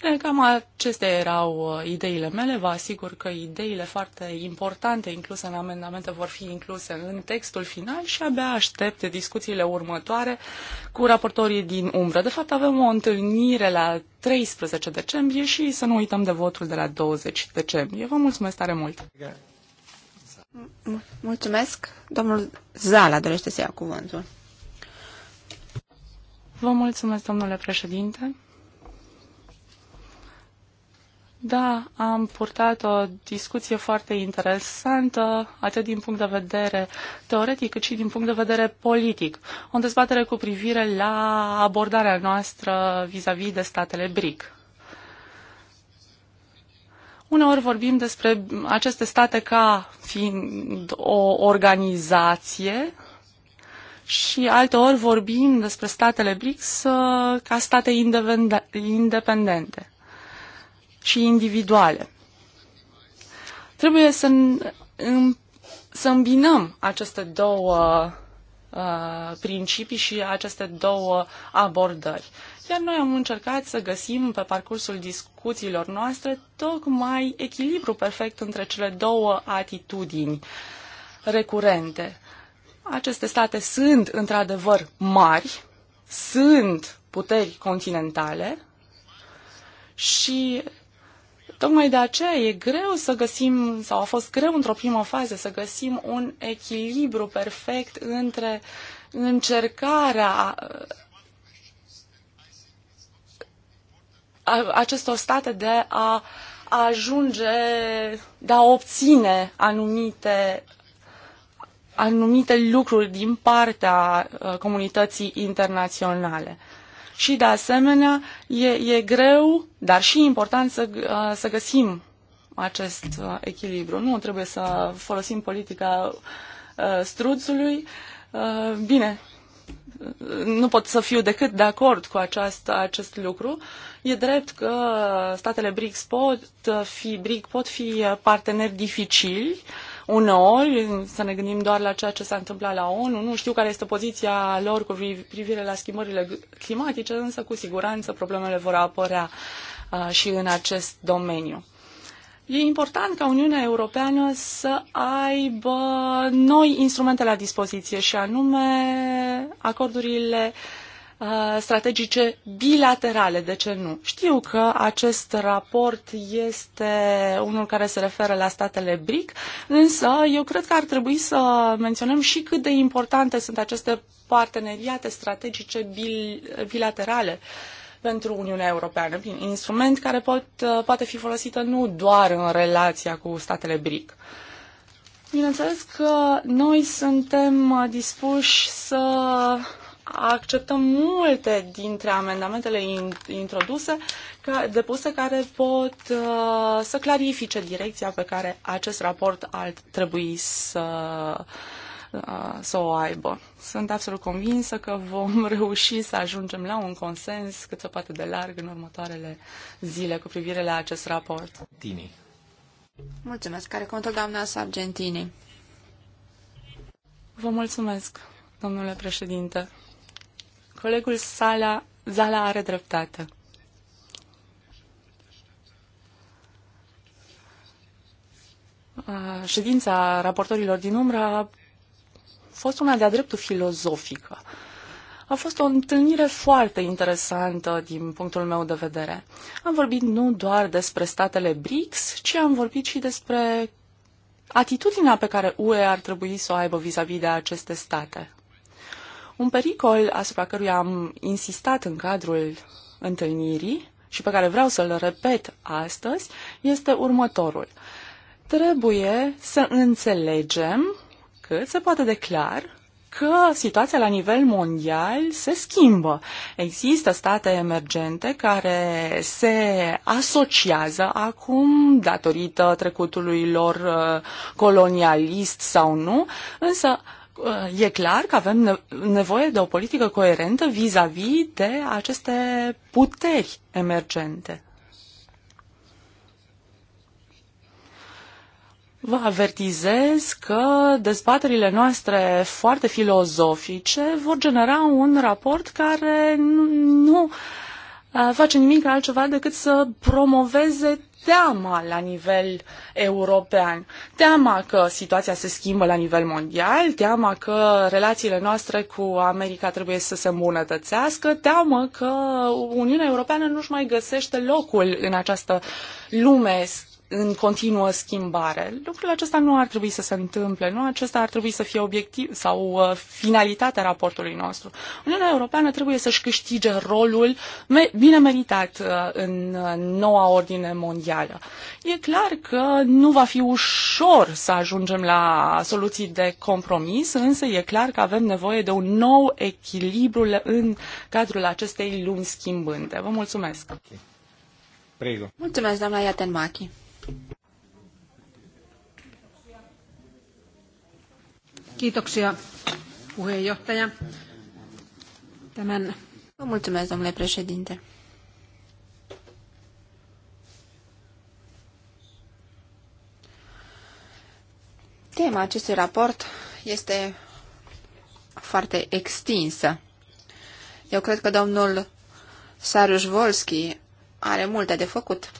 Eh, cam acestea erau uh, ideile mele. Vă asigur că ideile foarte importante incluse în amendamente vor fi incluse în textul final și abia aștept discuțiile următoare cu raportorii din umbră. De fapt, avem o întâlnire la 13 decembrie și să nu uităm de votul de la 20 decembrie. Vă mulțumesc tare mult! Mulțumesc! Domnul Zala dorește să ia cuvântul. Vă mulțumesc, domnule președinte! Da, am purtat o discuție foarte interesantă, atât din punct de vedere teoretic, cât și din punct de vedere politic. O dezbatere cu privire la abordarea noastră vis-a-vis -vis de statele BRIC. Uneori vorbim despre aceste state ca fiind o organizație și alteori vorbim despre statele BRICS uh, ca state independente și individuale. Trebuie să, să îmbinăm aceste două uh, principii și aceste două abordări. Iar noi am încercat să găsim pe parcursul discuțiilor noastre tocmai echilibru perfect între cele două atitudini recurente. Aceste state sunt într-adevăr mari, sunt puteri continentale și Tocmai de aceea e greu să găsim, sau a fost greu într-o primă fază, să găsim un echilibru perfect între încercarea acestor state de a ajunge, de a obține anumite anumite lucruri din partea uh, comunității internaționale și, de asemenea, e, e greu, dar și important să, uh, să găsim acest uh, echilibru. Nu trebuie să folosim politica uh, struțului. Bine, nu pot să fiu decât de acord cu acest lucru. E drept că statele BRICS pot fi, BRIC pot fi parteneri dificili, uh, Uneori, să ne gândim doar la ceea ce s-a întâmplat la ONU, nu știu care este poziția lor cu privire la schimbările climatice, însă cu siguranță problemele vor apărea și în acest domeniu. E important ca Uniunea Europeană să aibă noi instrumente la dispoziție și anume acordurile uh, Uh, strategice bilaterale, de ce nu? Știu că acest raport este unul care se referă la statele BRIC, însă eu cred că ar trebui să menționăm și cât de importante sunt aceste parteneriate strategice bil- bilaterale pentru Uniunea Europeană, prin instrument care pot, uh, poate fi folosită nu doar în relația cu statele BRIC. Bineînțeles că noi suntem uh, dispuși să acceptăm multe dintre amendamentele introduse, ca, depuse, care pot uh, să clarifice direcția pe care acest raport ar trebui să, uh, să o aibă. Sunt absolut convinsă că vom reuși să ajungem la un consens cât se poate de larg în următoarele zile cu privire la acest raport. Tini. Mulțumesc. Care contă doamna Sargentini? Vă mulțumesc, domnule președinte. Colegul Sala, Zala are dreptate. Ședința raportorilor din umbră a fost una de-a dreptul filozofică. A fost o întâlnire foarte interesantă din punctul meu de vedere. Am vorbit nu doar despre statele BRICS, ci am vorbit și despre atitudinea pe care UE ar trebui să o aibă vis-a-vis -vis de aceste state. Un pericol asupra căruia am insistat în cadrul întâlnirii și pe care vreau să-l repet astăzi este următorul. Trebuie să înțelegem cât se poate declar că situația la nivel mondial se schimbă. Există state emergente care se asociază acum datorită trecutului lor uh, colonialist sau nu, însă Uh, e clar că avem nevoie de o politică coerentă vis-a-vis -vis de aceste puteri emergente. Vă avertizez că dezbaterile noastre foarte filozofice vor genera un raport care nu, nu uh, face nimic altceva decât să promoveze teama la nivel european. Teama că situația se schimbă la nivel mondial, teama că relațiile noastre cu America trebuie să se îmbunătățească, teama că Uniunea Europeană nu-și mai găsește locul în această lume în continuă schimbare. Lucrul acesta nu ar trebui să se întâmple, nu acesta ar trebui să fie obiectiv sau uh, finalitatea raportului nostru. Uniunea Europeană trebuie să-și câștige rolul me bine meritat uh, în uh, noua ordine mondială. E clar că nu va fi ușor să ajungem la soluții de compromis, însă e clar că avem nevoie de un nou echilibru în cadrul acestei lumi schimbânde. Vă mulțumesc! Okay. Prego. Mulțumesc, doamna Iatenmachi. Kiitoksia, puheenjohtaja. Tämän... Vă mulțumesc, domnule președinte. Tema acestui raport este foarte extinsă. Eu cred că domnul Saruș Volski are multe de făcut.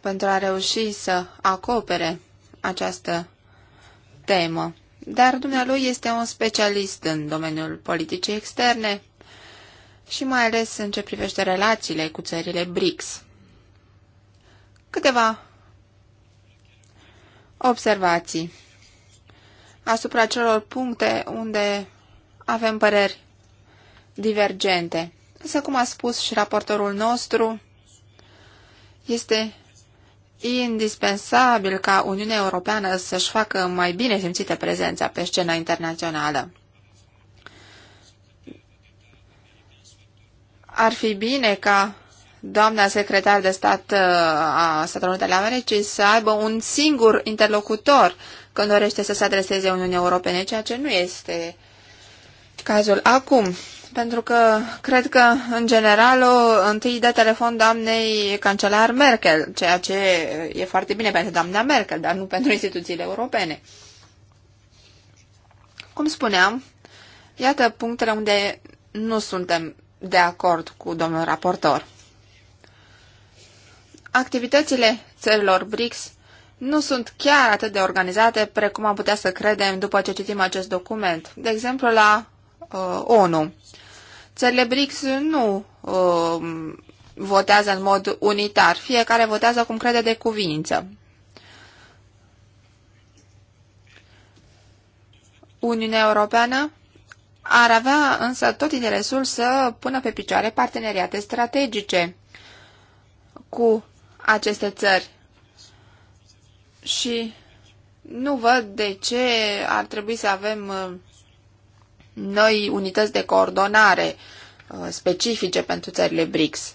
pentru a reuși să acopere această temă. Dar dumnealui este un specialist în domeniul politicii externe și mai ales în ce privește relațiile cu țările BRICS. Câteva observații asupra celor puncte unde avem păreri divergente. Însă, cum a spus și raportorul nostru, este indispensabil ca Uniunea Europeană să-și facă mai bine simțită prezența pe scena internațională. Ar fi bine ca doamna secretar de stat uh, a Statelor Unite ale Americii să aibă un singur interlocutor când dorește să se adreseze Uniunii Europene, ceea ce nu este cazul acum pentru că cred că, în general, o, întâi dă telefon doamnei cancelar Merkel, ceea ce e foarte bine pentru doamna Merkel, dar nu pentru instituțiile europene. Cum spuneam, iată punctele unde nu suntem de acord cu domnul raportor. Activitățile țărilor BRICS nu sunt chiar atât de organizate precum am putea să credem după ce citim acest document. De exemplu, la uh, ONU. Țările BRICS nu uh, votează în mod unitar, fiecare votează cum crede de cuvință. Uniunea Europeană ar avea însă tot interesul să pună pe picioare parteneriate strategice cu aceste țări. Și nu văd de ce ar trebui să avem uh, noi unități de coordonare uh, specifice pentru țările BRICS.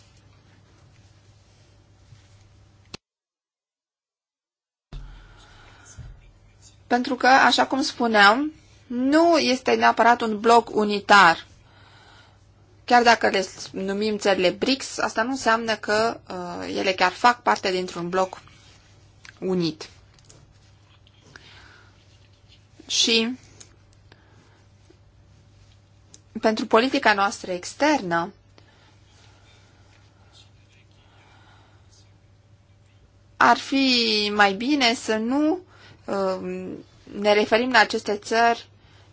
Pentru că, așa cum spuneam, nu este neapărat un bloc unitar. Chiar dacă le numim țările BRICS, asta nu înseamnă că uh, ele chiar fac parte dintr-un bloc unit. Și pentru politica noastră externă, ar fi mai bine să nu um, ne referim la aceste țări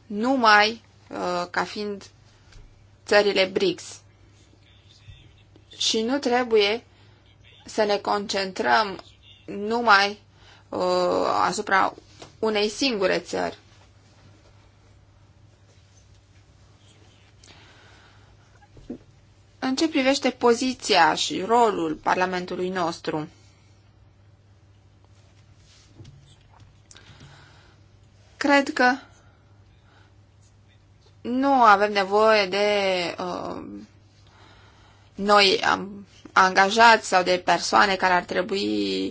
numai uh, ca fiind țările BRICS. Și nu trebuie să ne concentrăm numai uh, asupra unei singure țări. În ce privește poziția și rolul Parlamentului nostru? Cred că nu avem nevoie de uh, noi um, angajați sau de persoane care ar trebui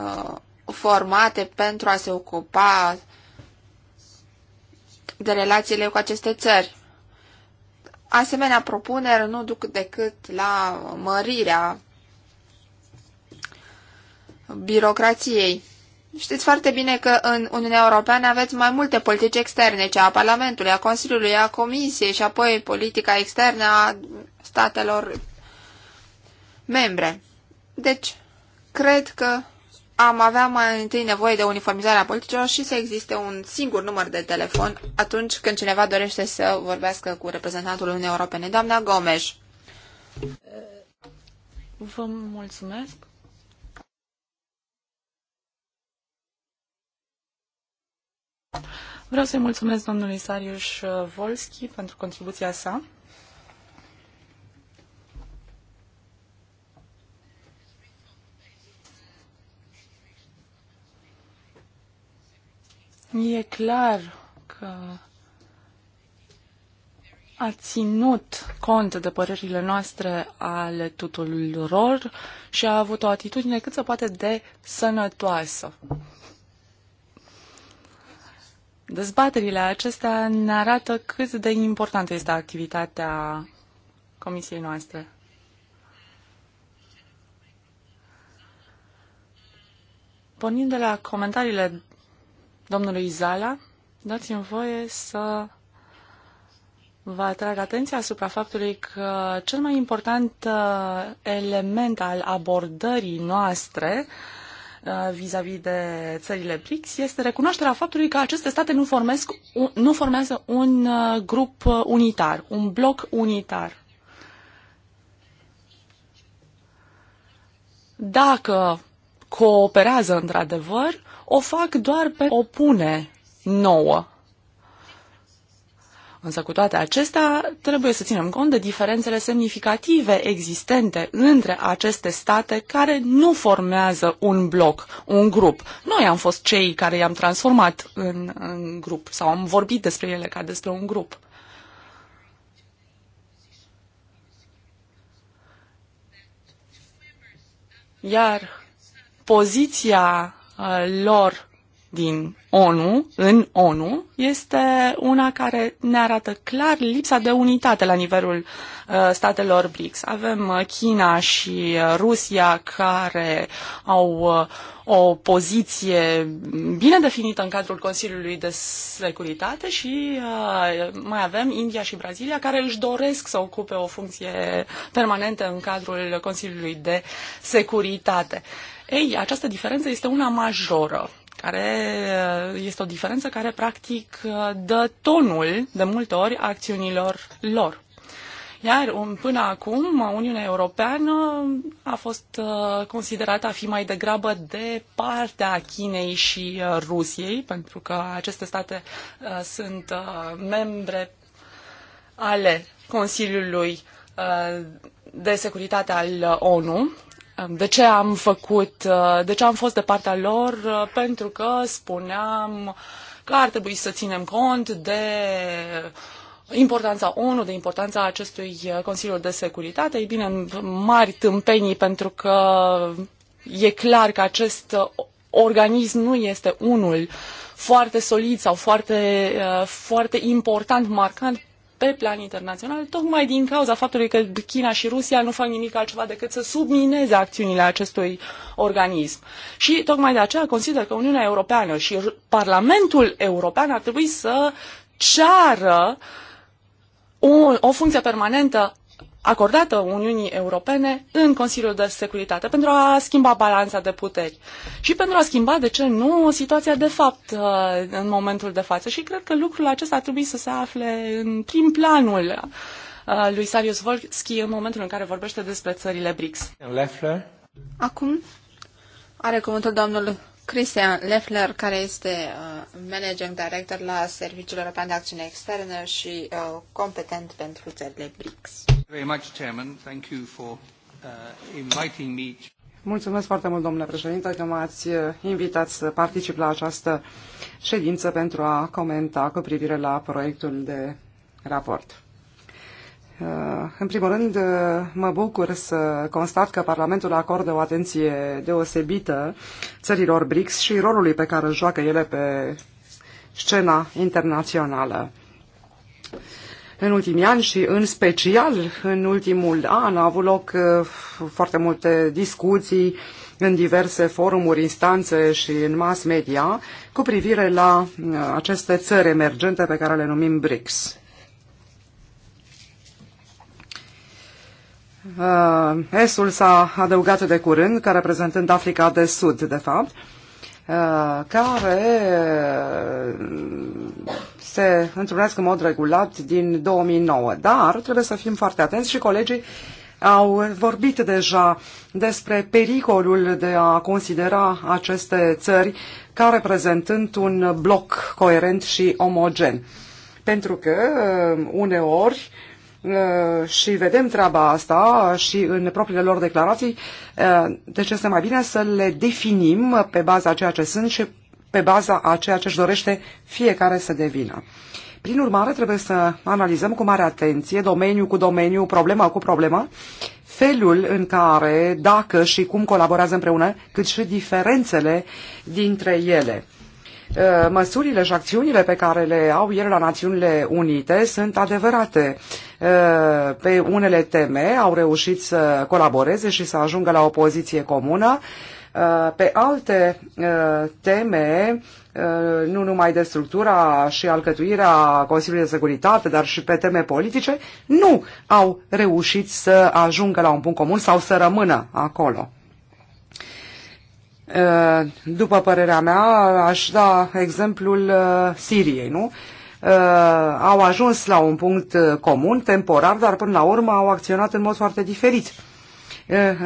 uh, formate pentru a se ocupa de relațiile cu aceste țări asemenea propuneri nu duc decât la mărirea birocrației. Știți foarte bine că în Uniunea Europeană aveți mai multe politici externe, cea a Parlamentului, a Consiliului, a Comisiei și apoi politica externă a statelor membre. Deci, cred că am avea mai întâi nevoie de uniformizarea politicilor și să existe un singur număr de telefon atunci când cineva dorește să vorbească cu reprezentantul Uniunii Europene. Doamna Gomes. Vă mulțumesc. Vreau să-i mulțumesc domnului Sariuș Volski pentru contribuția sa. E clar că a ținut cont de părerile noastre ale tuturor și a avut o atitudine cât se poate de sănătoasă. Dezbaterile acestea ne arată cât de importantă este activitatea comisiei noastre. Pornind de la comentariile domnului Izala, dați-mi voie să vă atrag atenția asupra faptului că cel mai important uh, element al abordării noastre uh, vis-a-vis de țările BRICS este recunoașterea faptului că aceste state nu, formesc, nu formează un uh, grup unitar, un bloc unitar. Dacă cooperează într-adevăr, o fac doar pe o pune nouă. Însă cu toate acestea, trebuie să ținem cont de diferențele semnificative existente între aceste state care nu formează un bloc, un grup. Noi am fost cei care i-am transformat în, în grup sau am vorbit despre ele ca despre un grup. Iar poziția Uh, lor din ONU, în ONU, este una care ne arată clar lipsa de unitate la nivelul uh, statelor BRICS. Avem uh, China și uh, Rusia care au uh, o poziție bine definită în cadrul Consiliului de Securitate și uh, mai avem India și Brazilia care își doresc să ocupe o funcție permanentă în cadrul Consiliului de Securitate. Uh, ei, această diferență este una majoră, care uh, este o diferență care practic uh, dă tonul de multe ori acțiunilor lor. Iar um, până acum, Uniunea Europeană a fost uh, considerată a fi mai degrabă de partea Chinei și Rusiei, pentru că aceste state sunt membre ale Consiliului de Securitate al ONU de ce am făcut, uh, de ce am fost de partea lor, uh, pentru că spuneam că ar trebui să ținem cont de importanța ONU, de importanța acestui uh, Consiliu de Securitate. Ei bine, mari tâmpenii, pentru că e clar că acest organism nu este unul foarte solid sau foarte, foarte important, marcant pe plan internațional, tocmai din cauza faptului că China și Rusia nu fac nimic altceva decât să submineze acțiunile acestui organism. Și tocmai de aceea consider că Uniunea Europeană și Parlamentul European ar trebui să ceară o, o funcție permanentă acordată Uniunii Europene în Consiliul de Securitate pentru a schimba balanța de puteri și pentru a schimba, de ce nu, situația de fapt uh, în momentul de față. Și cred că lucrul acesta ar trebui să se afle în prim planul uh, lui Sarius Volski în momentul în care vorbește despre țările BRICS. Leffler. Acum are cuvântul domnul Christian Leffler, care este uh, Managing Director la Serviciul European de Acțiune Externă și uh, competent pentru țările BRICS. Mulțumesc foarte mult, domnule președinte, că m-ați uh, invitat să particip la această ședință pentru a comenta cu privire la proiectul de raport. Uh, în primul rând, uh, mă bucur să constat că Parlamentul acordă o atenție deosebită țărilor BRICS și rolului pe care îl joacă ele pe scena internațională. În ultimii ani și în special în ultimul an au avut loc uh, foarte multe discuții în diverse forumuri, instanțe și în mass media cu privire la uh, aceste țări emergente pe care le numim BRICS. Uh, Estul s-a adăugat de curând, ca reprezentând Africa de Sud, de fapt, Uh, care uh, se întrunesc în mod regulat din 2009. Dar trebuie să fim foarte atenți și colegii au vorbit deja despre pericolul de a considera aceste țări ca reprezentând un bloc coerent și omogen. Pentru că uh, uneori uh, și vedem treaba asta și în propriile lor declarații, deci este mai bine să le definim pe baza ceea ce sunt și pe baza a ceea ce își dorește fiecare să devină. Prin urmare, trebuie să analizăm cu mare atenție, domeniu cu domeniu, problema cu problema, felul în care, dacă și cum colaborează împreună, cât și diferențele dintre ele. Uh, măsurile și acțiunile pe care le au ele la Națiunile Unite sunt adevărate. Uh, pe unele teme au reușit să colaboreze și să ajungă la o poziție comună. Uh, pe alte teme, nu numai de structura și alcătuirea Consiliului de Securitate, dar și pe teme politice, nu au reușit să ajungă la un punct comun sau să rămână acolo. După părerea mea, aș da exemplul Siriei, nu? Au ajuns la un punct comun, temporar, dar până la urmă au acționat în mod foarte diferit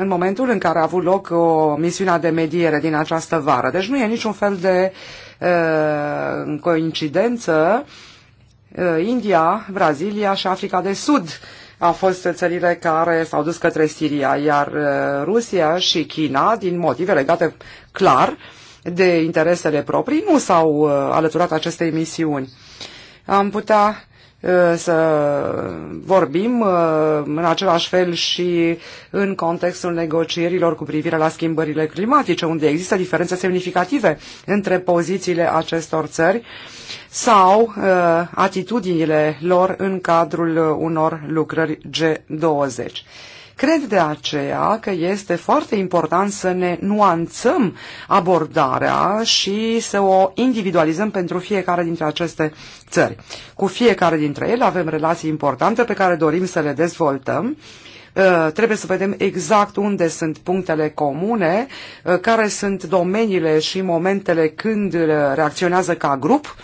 în momentul în care a avut loc o misiune de mediere din această vară. Deci nu e niciun fel de coincidență. India, Brazilia și Africa de Sud au fost țările care s-au dus către Siria, iar uh, Rusia și China, din motive legate clar de interesele proprii, nu s-au uh, alăturat acestei misiuni. Am putea Uh, să vorbim uh, în același fel și în contextul negocierilor cu privire la schimbările climatice, unde există diferențe semnificative între pozițiile acestor țări sau uh, atitudinile lor în cadrul unor lucrări G20. Cred de aceea că este foarte important să ne nuanțăm abordarea și să o individualizăm pentru fiecare dintre aceste țări. Cu fiecare dintre ele avem relații importante pe care dorim să le dezvoltăm uh, trebuie să vedem exact unde sunt punctele comune, uh, care sunt domeniile și momentele când uh, reacționează ca grup,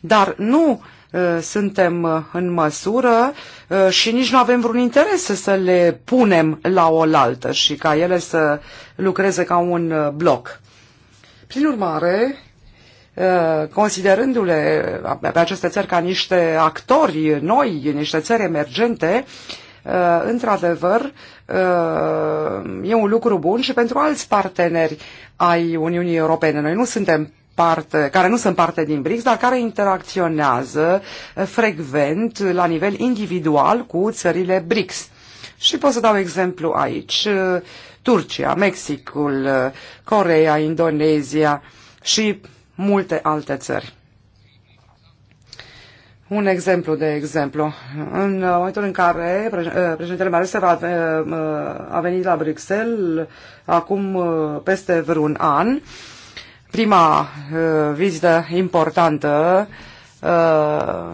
dar nu suntem în măsură Uh, și nici nu avem vreun interes să le punem la oaltă și ca ele să lucreze ca un uh, bloc. Prin urmare, uh, considerându-le pe aceste țări ca niște actori noi, niște țări emergente, într-adevăr, e un lucru bun și pentru alți parteneri ai Uniunii Europene. Noi nu suntem parte, care nu sunt parte din BRICS, dar care interacționează eh, frecvent la nivel individual cu țările BRICS. Și pot să dau exemplu aici. Eh, Turcia, Mexicul, eh, Corea, Indonezia și multe alte țări. Un exemplu de exemplu. În momentul în care președintele Marese a, a venit la Bruxelles acum peste vreun an, prima uh, vizită importantă uh,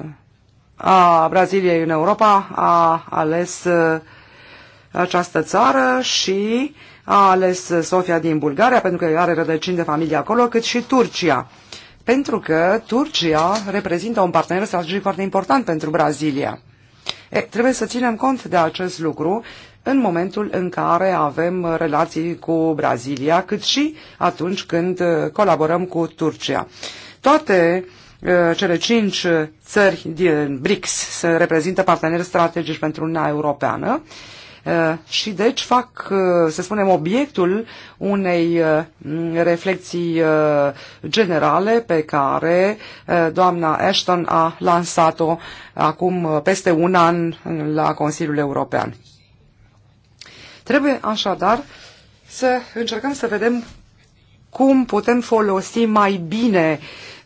a Braziliei în Europa a ales uh, această țară și a ales Sofia din Bulgaria pentru că are rădăcini de familie acolo, cât și Turcia. Pentru că Turcia reprezintă un partener strategic foarte important pentru Brazilia. E, trebuie să ținem cont de acest lucru în momentul în care avem relații cu Brazilia, cât și atunci când uh, colaborăm cu Turcia. Toate uh, cele cinci țări din BRICS se reprezintă parteneri strategici pentru Uniunea Europeană uh, și deci fac, să spunem, obiectul unei reflexii generale pe care doamna Ashton a lansat-o acum peste un an la Consiliul European. Trebuie așadar să încercăm să vedem cum putem folosi mai bine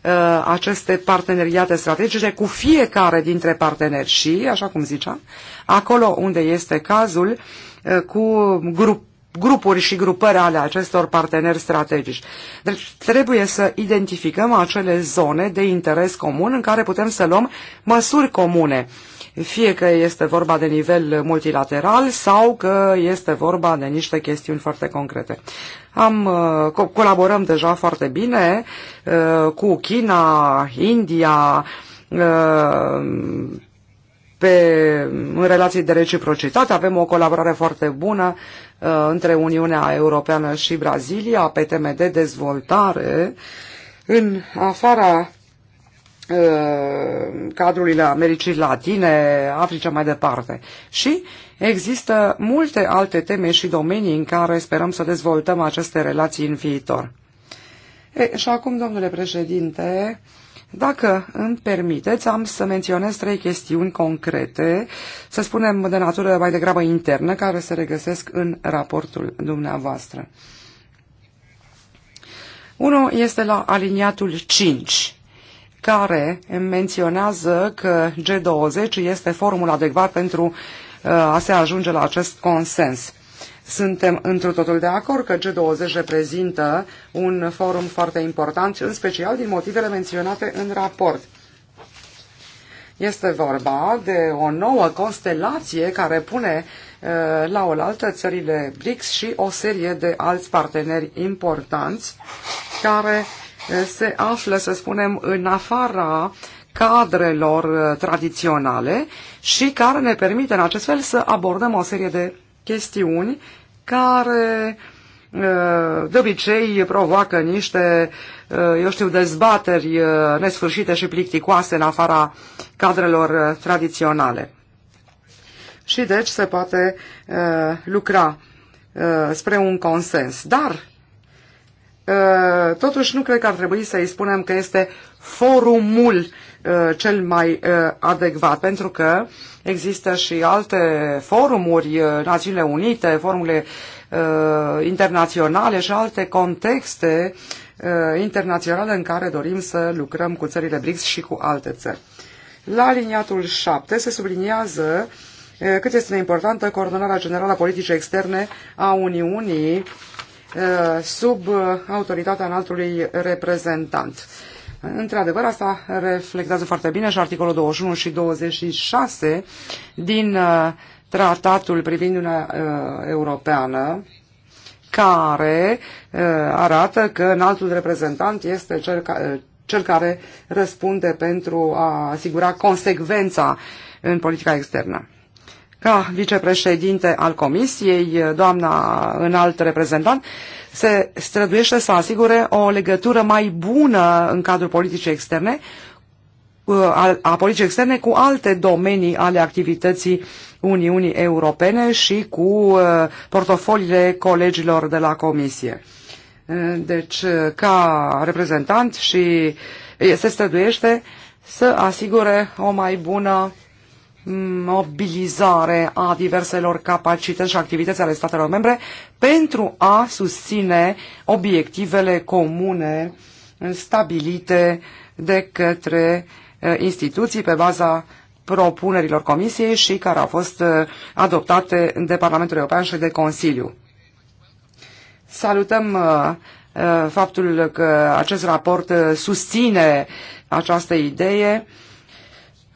uh, aceste parteneriate strategice cu fiecare dintre parteneri și, așa cum ziceam, acolo unde este cazul uh, cu grup, grupuri și grupări ale acestor parteneri strategici. Deci trebuie să identificăm acele zone de interes comun în care putem să luăm măsuri comune. Uh, fie că este vorba de nivel multilateral sau că este vorba de niște chestiuni foarte concrete. Am, uh, colaborăm deja foarte bine uh, cu China, India, uh, pe, în relații de reciprocitate. Avem o colaborare foarte bună uh, între Uniunea Europeană și Brazilia pe teme de dezvoltare. În afara Uh, cadrurile Americii Latine, Africa mai departe. Și există multe alte teme și domenii în care sperăm să dezvoltăm aceste relații în viitor. E, și acum, domnule președinte, dacă îmi permiteți, am să menționez trei chestiuni concrete, să spunem de natură mai degrabă internă, care se regăsesc în raportul dumneavoastră. Unul este la aliniatul 5 care menționează că G20 este forumul adecvat pentru uh, a se ajunge la acest consens. Suntem într totul de acord că G20 reprezintă un forum foarte important, în special din motivele menționate în raport. Este vorba de o nouă constelație care pune uh, la oaltă țările BRICS și o serie de alți parteneri importanți care se află, să spunem, în afara cadrelor uh, tradiționale și care ne permite în acest fel să abordăm o serie de chestiuni care uh, de obicei provoacă niște, uh, eu știu, dezbateri nesfârșite și plicticoase în afara cadrelor tradiționale. Și deci se poate lucra spre un consens. Dar Uh, totuși nu cred că ar trebui să-i spunem că este forumul uh, cel mai uh, adecvat, pentru că există și alte forumuri, Națiunile Unite, forumurile internaționale și alte contexte internaționale în care dorim să lucrăm cu țările BRICS și cu alte țări. La liniatul 7 se subliniază cât este importantă coordonarea generală a politicii externe a Uniunii Uh, sub uh, autoritatea înaltului reprezentant. Într-adevăr, asta reflectează foarte bine și articolul 21 și 26 din uh, tratatul privind Uniunea Europeană, care arată că înaltul reprezentant este cel, ca, cel care răspunde pentru a asigura consecvența în politica externă ca vicepreședinte al Comisiei, doamna înalt reprezentant, se străduiește să asigure o legătură mai bună în cadrul politicii externe uh, a politicii externe cu alte domenii ale activității Uniunii Europene și cu uh, portofoliile colegilor de la Comisie. Uh, deci, ca reprezentant și se străduiește să asigure o mai bună mobilizare a diverselor capacități și activități ale statelor membre pentru a susține obiectivele comune stabilite de către eh, instituții pe baza propunerilor Comisiei și care au fost eh, adoptate de Parlamentul European și de Consiliu. Salutăm eh, faptul că acest raport susține această idee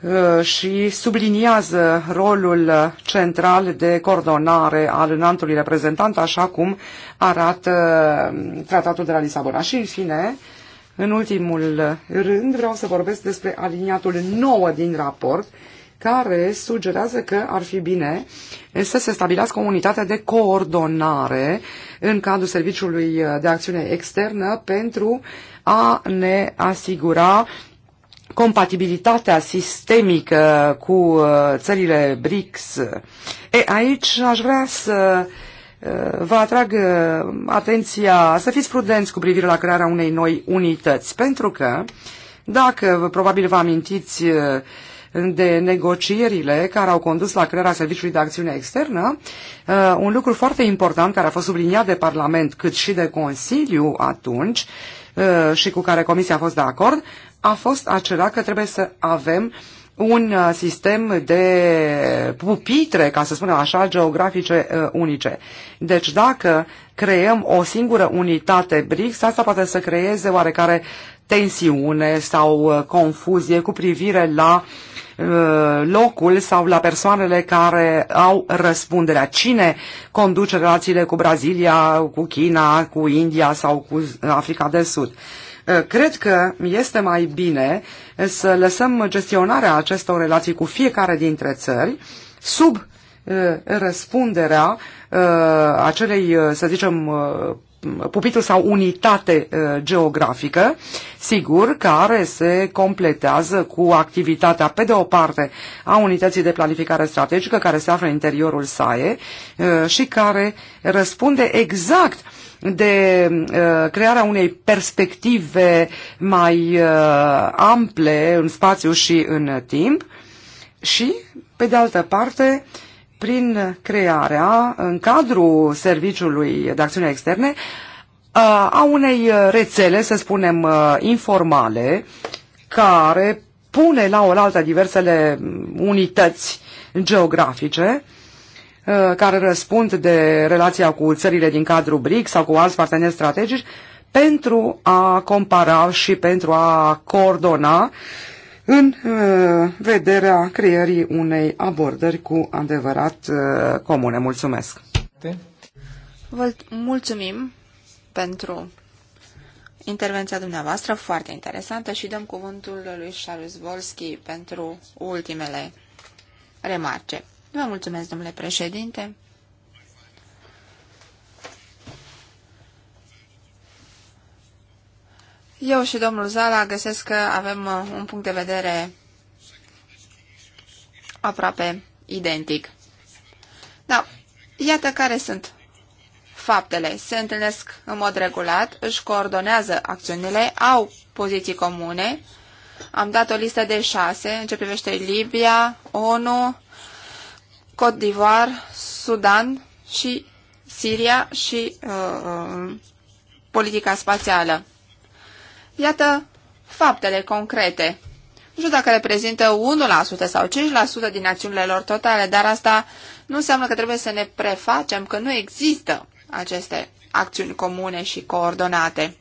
Uh, și subliniază rolul central de coordonare al înaltului reprezentant, așa cum arată uh, tratatul de la Lisabona. Și, în fine, în ultimul rând, vreau să vorbesc despre aliniatul 9 din raport, care sugerează că ar fi bine să se stabilească o unitate de coordonare în cadrul Serviciului de Acțiune Externă pentru a ne asigura compatibilitatea sistemică cu uh, țările BRICS. E, aici aș vrea să uh, vă atrag uh, atenția, să fiți prudenți cu privire la crearea unei noi unități, pentru că, dacă probabil vă amintiți de negocierile care au condus la crearea Serviciului de Acțiune Externă, un lucru foarte important care a fost subliniat de Parlament cât și de Consiliu atunci și cu care Comisia a fost de acord, a fost acela că trebuie să avem un uh, sistem de pupitre, ca să spunem așa, geografice uh, unice. Deci dacă creăm o singură unitate BRICS, asta poate să creeze oarecare tensiune sau uh, confuzie cu privire la locul sau la persoanele care au răspunderea. Cine conduce relațiile cu Brazilia, cu China, cu India sau cu Africa de Sud? Eh, cred că este mai bine să lăsăm gestionarea acestor relații cu fiecare dintre țări sub eh, răspunderea eh, acelei, să zicem, pupitru sau unitate uh, geografică, sigur, care se completează cu activitatea, pe de o parte, a unității de planificare strategică care se află în interiorul SAE uh, și care răspunde exact de uh, crearea unei perspective mai uh, ample în spațiu și în timp și, pe de altă parte, uh, prin crearea, în cadrul Serviciului de Acțiune Externe, uh, a unei rețele, să spunem, uh, informale, care pune la oaltă diversele mm, unități geografice uh, care răspund de relația cu țările din cadrul BRIC sau cu alți parteneri strategici pentru a compara și pentru a coordona uh, în uh, vederea creierii unei abordări cu adevărat uh, comune. Mulțumesc! Vă mulțumim pentru intervenția dumneavoastră, foarte interesantă, și dăm cuvântul lui Charles Volski pentru ultimele remarce. Vă mulțumesc, domnule președinte! Eu și domnul Zala găsesc că avem uh, un punct de vedere aproape identic. Da, iată care sunt faptele. Se întâlnesc în mod regulat, își coordonează acțiunile, au poziții comune. Am dat o listă de șase în ce privește Libia, ONU, Côte d'Ivoire, Sudan și Siria și uh, uh politica spațială. Iată faptele concrete. Nu știu dacă reprezintă 1% sau 5% din acțiunile lor totale, dar asta nu înseamnă că trebuie să ne prefacem că nu există aceste acțiuni comune și coordonate.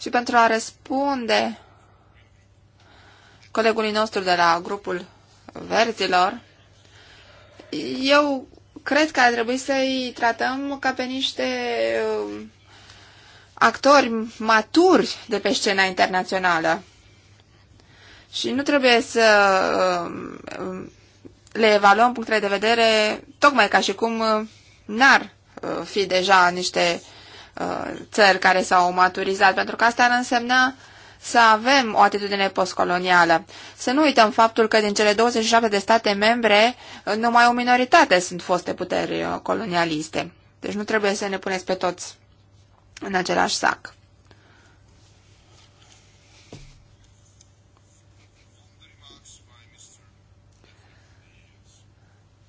Și pentru a răspunde colegului nostru de la grupul verzilor, eu cred că ar trebui să-i tratăm ca pe niște um, actori maturi de pe scena internațională. Și nu trebuie să um, um, le evaluăm punctele de vedere tocmai ca și cum uh, n-ar uh, fi deja niște uh, țări care s-au maturizat, pentru că asta ar însemna să avem o atitudine postcolonială. Să nu uităm faptul că din cele 27 de state membre, numai o minoritate sunt foste puteri uh, colonialiste. Deci nu trebuie să ne puneți pe toți în același sac.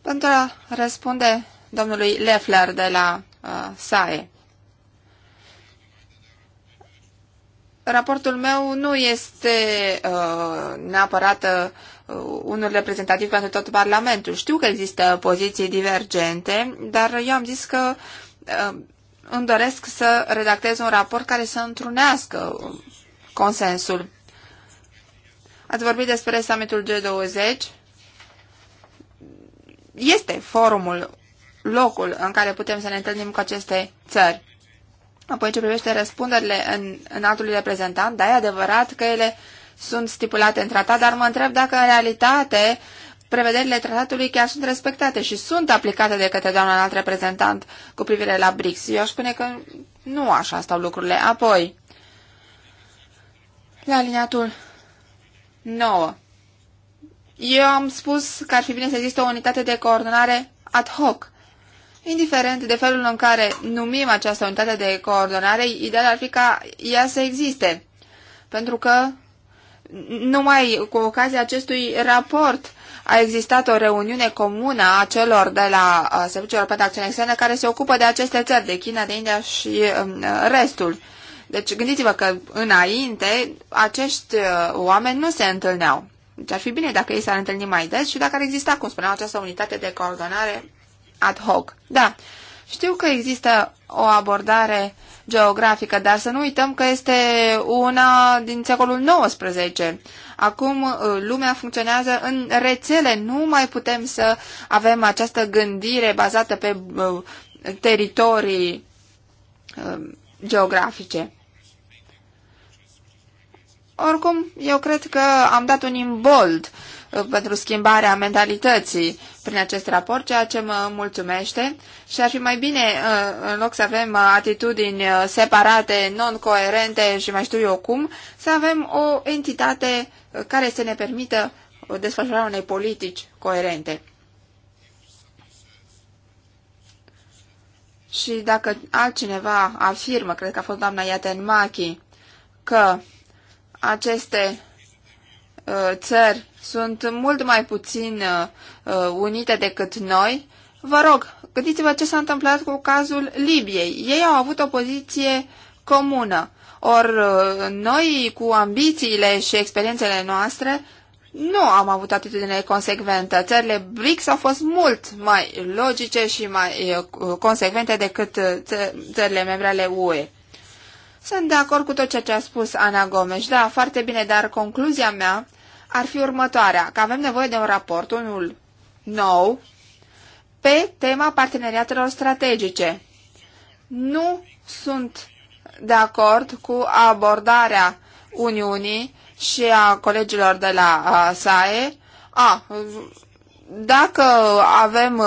Pentru a răspunde domnului Leffler de la uh, SAE. Raportul meu nu este uh, neapărat uh, unul reprezentativ pentru tot Parlamentul. Știu că există poziții divergente, dar eu am zis că uh, îmi doresc să redactez un raport care să întrunească consensul. Ați vorbit despre summitul G20. Este forumul, locul în care putem să ne întâlnim cu aceste țări. Apoi ce privește răspunderile în, în altul reprezentant, da, e adevărat că ele sunt stipulate în tratat, dar mă întreb dacă în realitate prevederile tratatului chiar sunt respectate și sunt aplicate de către doamna alt reprezentant cu privire la BRICS. Eu aș spune că nu așa stau lucrurile. Apoi, la aliniatul 9. Eu am spus că ar fi bine să existe o unitate de coordonare ad hoc Indiferent de felul în care numim această unitate de coordonare, ideal ar fi ca ea să existe. Pentru că numai cu ocazia acestui raport a existat o reuniune comună a celor de la Serviciul European de Acțiune Externă care se ocupă de aceste țări, de China, de India și um, restul. Deci gândiți-vă că înainte acești uh, oameni nu se întâlneau. Deci ar fi bine dacă ei s-ar întâlni mai des și dacă ar exista, cum spuneam, această unitate de coordonare ad hoc. Da, știu că există o abordare geografică, dar să nu uităm că este una din secolul XIX. Acum uh, lumea funcționează în rețele, nu mai putem să avem această gândire bazată pe uh, teritorii uh, geografice. Oricum, eu cred că am dat un imbold pentru schimbarea mentalității prin acest raport, ceea ce mă mulțumește și ar fi mai bine, uh, în loc să avem uh, atitudini uh, separate, non-coerente și mai știu eu cum, să avem o entitate care să ne permită desfășurarea unei politici coerente. Și dacă altcineva afirmă, cred că a fost doamna Iatenmachi, că aceste țări sunt mult mai puțin uh, uh, unite decât noi, vă rog, gândiți-vă ce s-a întâmplat cu cazul Libiei. Ei au avut o poziție comună. Or uh, noi, cu ambițiile și experiențele noastre, nu am avut atitudine consecventă. Țările BRICS au fost mult mai logice și mai uh, consecvente decât țările membre ale UE. Sunt de acord cu tot ceea ce a spus Ana Gomes. Da, foarte bine, dar concluzia mea ar fi următoarea, că avem nevoie de un raport, unul nou, pe tema parteneriatelor strategice. Nu sunt de acord cu abordarea Uniunii și a colegilor de la a, SAE. A, dacă avem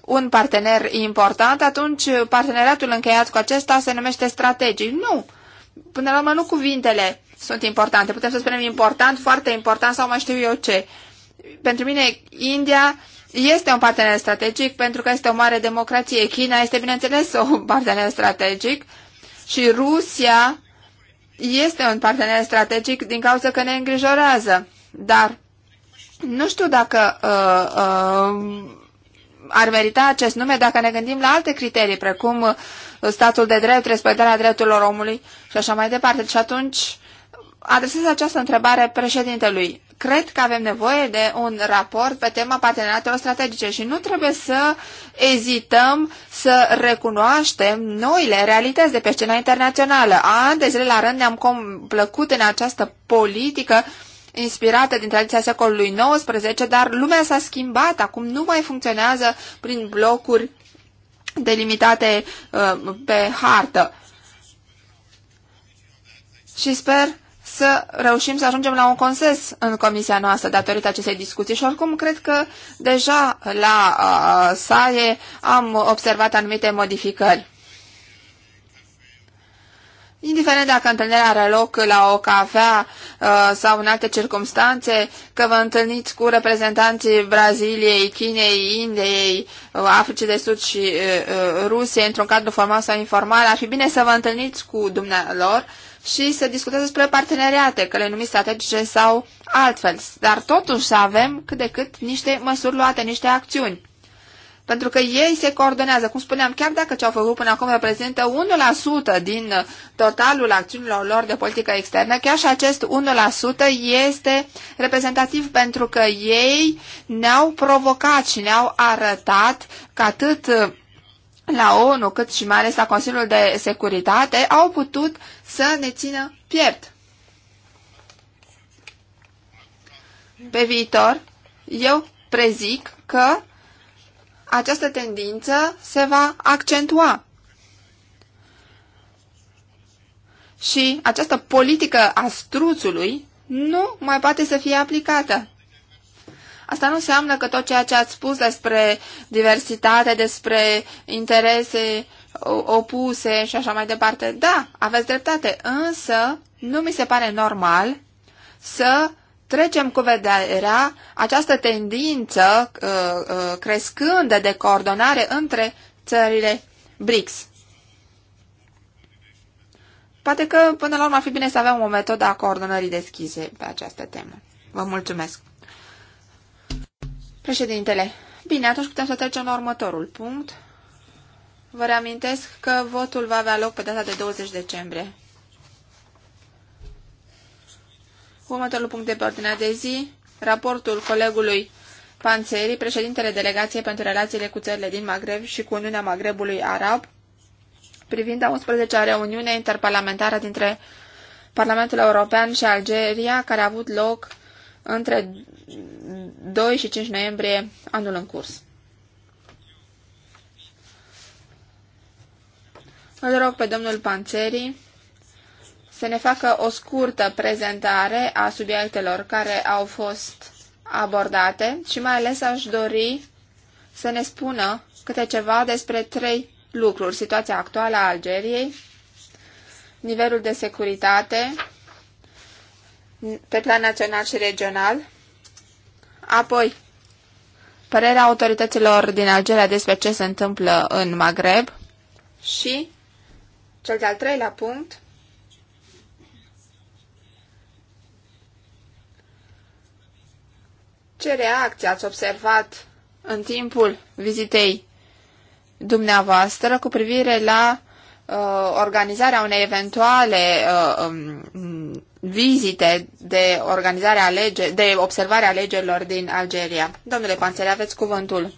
un partener important, atunci parteneriatul încheiat cu acesta se numește strategic. Nu! Până la urmă, nu cuvintele sunt importante. Putem să spunem important, foarte important sau mai știu eu ce. Pentru mine, India este un partener strategic pentru că este o mare democrație. China este, bineînțeles, un partener strategic și Rusia este un partener strategic din cauza că ne îngrijorează. Dar nu știu dacă uh, uh, ar merita acest nume dacă ne gândim la alte criterii, precum uh, statul de drept, respectarea drepturilor omului și așa mai departe. Și atunci adresez această întrebare președintelui. Cred că avem nevoie de un raport pe tema parteneriatelor strategice și nu trebuie să ezităm să recunoaștem noile realități de pe scena internațională. a de zile la rând ne-am plăcut în această politică uh, inspirată din tradiția secolului XIX, dar lumea s-a schimbat, acum nu mai funcționează prin blocuri delimitate uh, pe hartă. Și sper să reușim să ajungem la un consens în comisia noastră datorită acestei discuții și oricum cred că deja la uh, uh SAE am observat anumite modificări indiferent dacă întâlnirea are loc la o cafea uh, sau în alte circunstanțe, că vă întâlniți cu reprezentanții Braziliei, Chinei, Indiei, uh, Africii de Sud și uh, Rusiei într-un cadru formal sau informal, ar fi bine să vă întâlniți cu dumnealor și să discutați despre parteneriate, că le numiți strategice sau altfel, dar totuși să avem cât de cât niște măsuri luate, niște acțiuni pentru că ei se coordonează. Cum spuneam, chiar dacă ce au făcut până acum reprezintă 1% din uh, totalul acțiunilor lor de politică externă, chiar și acest 1% este reprezentativ pentru că ei ne-au provocat și ne-au arătat că atât uh, la ONU cât și mai ales la Consiliul de Securitate au putut să ne țină piept. Pe viitor, eu prezic că această tendință se va accentua. Și această politică a struțului nu mai poate să fie aplicată. Asta nu înseamnă că tot ceea ce ați spus despre diversitate, despre interese opuse și așa mai departe, da, aveți dreptate, însă nu mi se pare normal să trecem cu vederea această tendință uh, uh, crescândă de coordonare între țările BRICS. Poate că până la urmă ar fi bine să avem o metodă a coordonării deschise pe această temă. Vă mulțumesc. Președintele, bine, atunci putem să trecem la următorul punct. Vă reamintesc că votul va avea loc pe data de 20 decembrie. Următorul punct de pe ordinea de zi, raportul colegului Panțeri, președintele Delegației pentru Relațiile cu Țările din Maghreb și cu Uniunea Maghrebului Arab, privind a 11-a reuniune interparlamentară dintre Parlamentul European și Algeria, care a avut loc între 2 și 5 noiembrie anul în curs. Îl rog pe domnul Panțeri să ne facă o scurtă prezentare a subiectelor care au fost abordate și mai ales aș dori să ne spună câte ceva despre trei lucruri. Situația actuală a Algeriei, nivelul de securitate pe plan național și regional, apoi părerea autorităților din Algeria despre ce se întâmplă în Maghreb și cel de-al treilea punct, Ce reacție ați observat în timpul vizitei dumneavoastră cu privire la uh, organizarea unei eventuale uh, um, vizite de organizare lege, de observare a alegerilor din Algeria. Domnule Panțele, aveți cuvântul.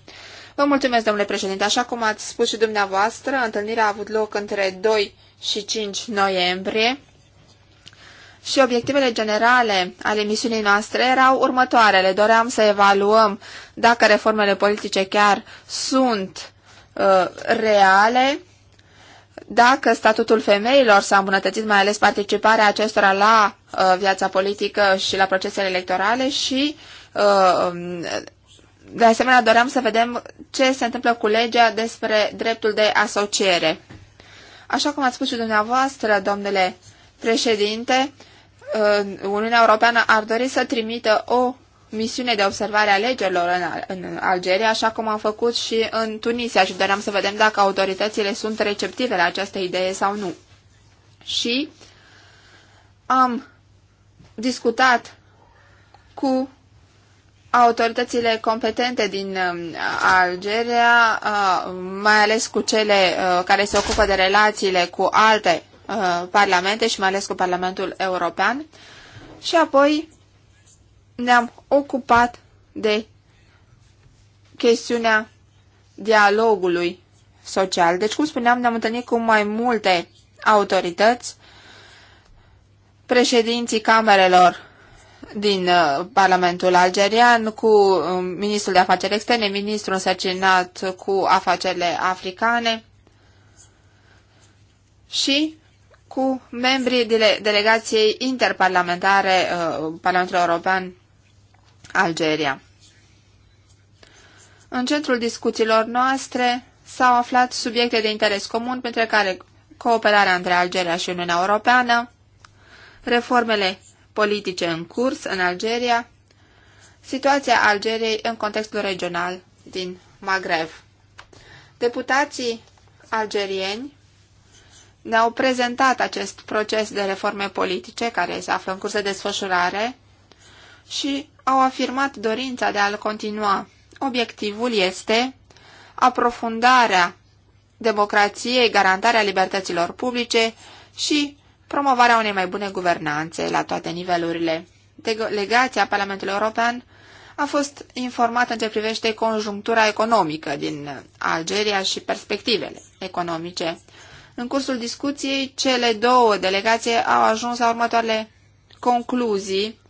Vă mulțumesc, domnule președinte. Așa cum ați spus și dumneavoastră, întâlnirea a avut loc între 2 și 5 noiembrie și obiectivele generale ale misiunii noastre erau următoarele. Doream să evaluăm dacă reformele politice chiar sunt uh, reale, dacă statutul femeilor s-a îmbunătățit, mai ales participarea acestora la uh, viața politică și la procesele electorale și uh, de asemenea doream să vedem ce se întâmplă cu legea despre dreptul de asociere. Așa cum ați spus și dumneavoastră, domnule președinte, Uniunea Europeană ar dori să trimită o misiune de observare a legilor în, în Algeria, așa cum am făcut și în Tunisia și doream să vedem dacă autoritățile sunt receptive la această idee sau nu. Și am discutat cu autoritățile competente din um, Algeria, uh, mai ales cu cele uh, care se ocupă de relațiile cu alte Uh, parlamente și mai ales cu Parlamentul European și apoi ne-am ocupat de chestiunea dialogului social. Deci, cum spuneam, ne-am întâlnit cu mai multe autorități, președinții camerelor din uh, Parlamentul Algerian, cu um, ministrul de afaceri externe, ministrul însărcinat cu afacerile africane și cu membrii dele delegației interparlamentare uh, Parlamentului European Algeria. În centrul discuțiilor noastre s-au aflat subiecte de interes comun, printre care cooperarea între Algeria și Uniunea Europeană, reformele politice în curs în Algeria, situația Algeriei în contextul regional din Maghreb. Deputații algerieni ne-au prezentat acest proces de reforme politice care se află în curs de desfășurare și au afirmat dorința de a-l continua. Obiectivul este aprofundarea democrației, garantarea libertăților publice și promovarea unei mai bune guvernanțe la toate nivelurile. Delegația Parlamentului European a fost informată în ce privește conjunctura economică din Algeria și perspectivele economice. În cursul discuției, cele două delegații au ajuns la următoarele concluzii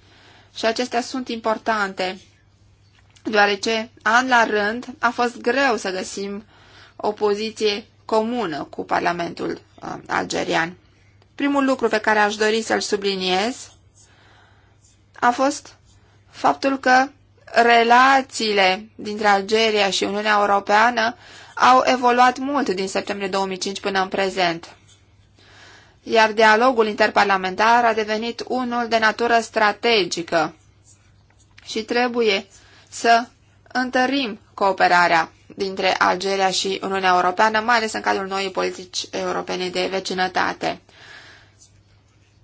și acestea sunt importante, deoarece an la rând a fost greu să găsim o poziție comună cu Parlamentul uh, algerian. Primul lucru pe care aș dori să-l subliniez a fost faptul că relațiile dintre Algeria și Uniunea Europeană au evoluat mult din septembrie 2005 până în prezent, iar dialogul interparlamentar a devenit unul de natură strategică și trebuie să întărim cooperarea dintre Algeria și Uniunea Europeană, mai ales în cadrul noii politici europene de vecinătate.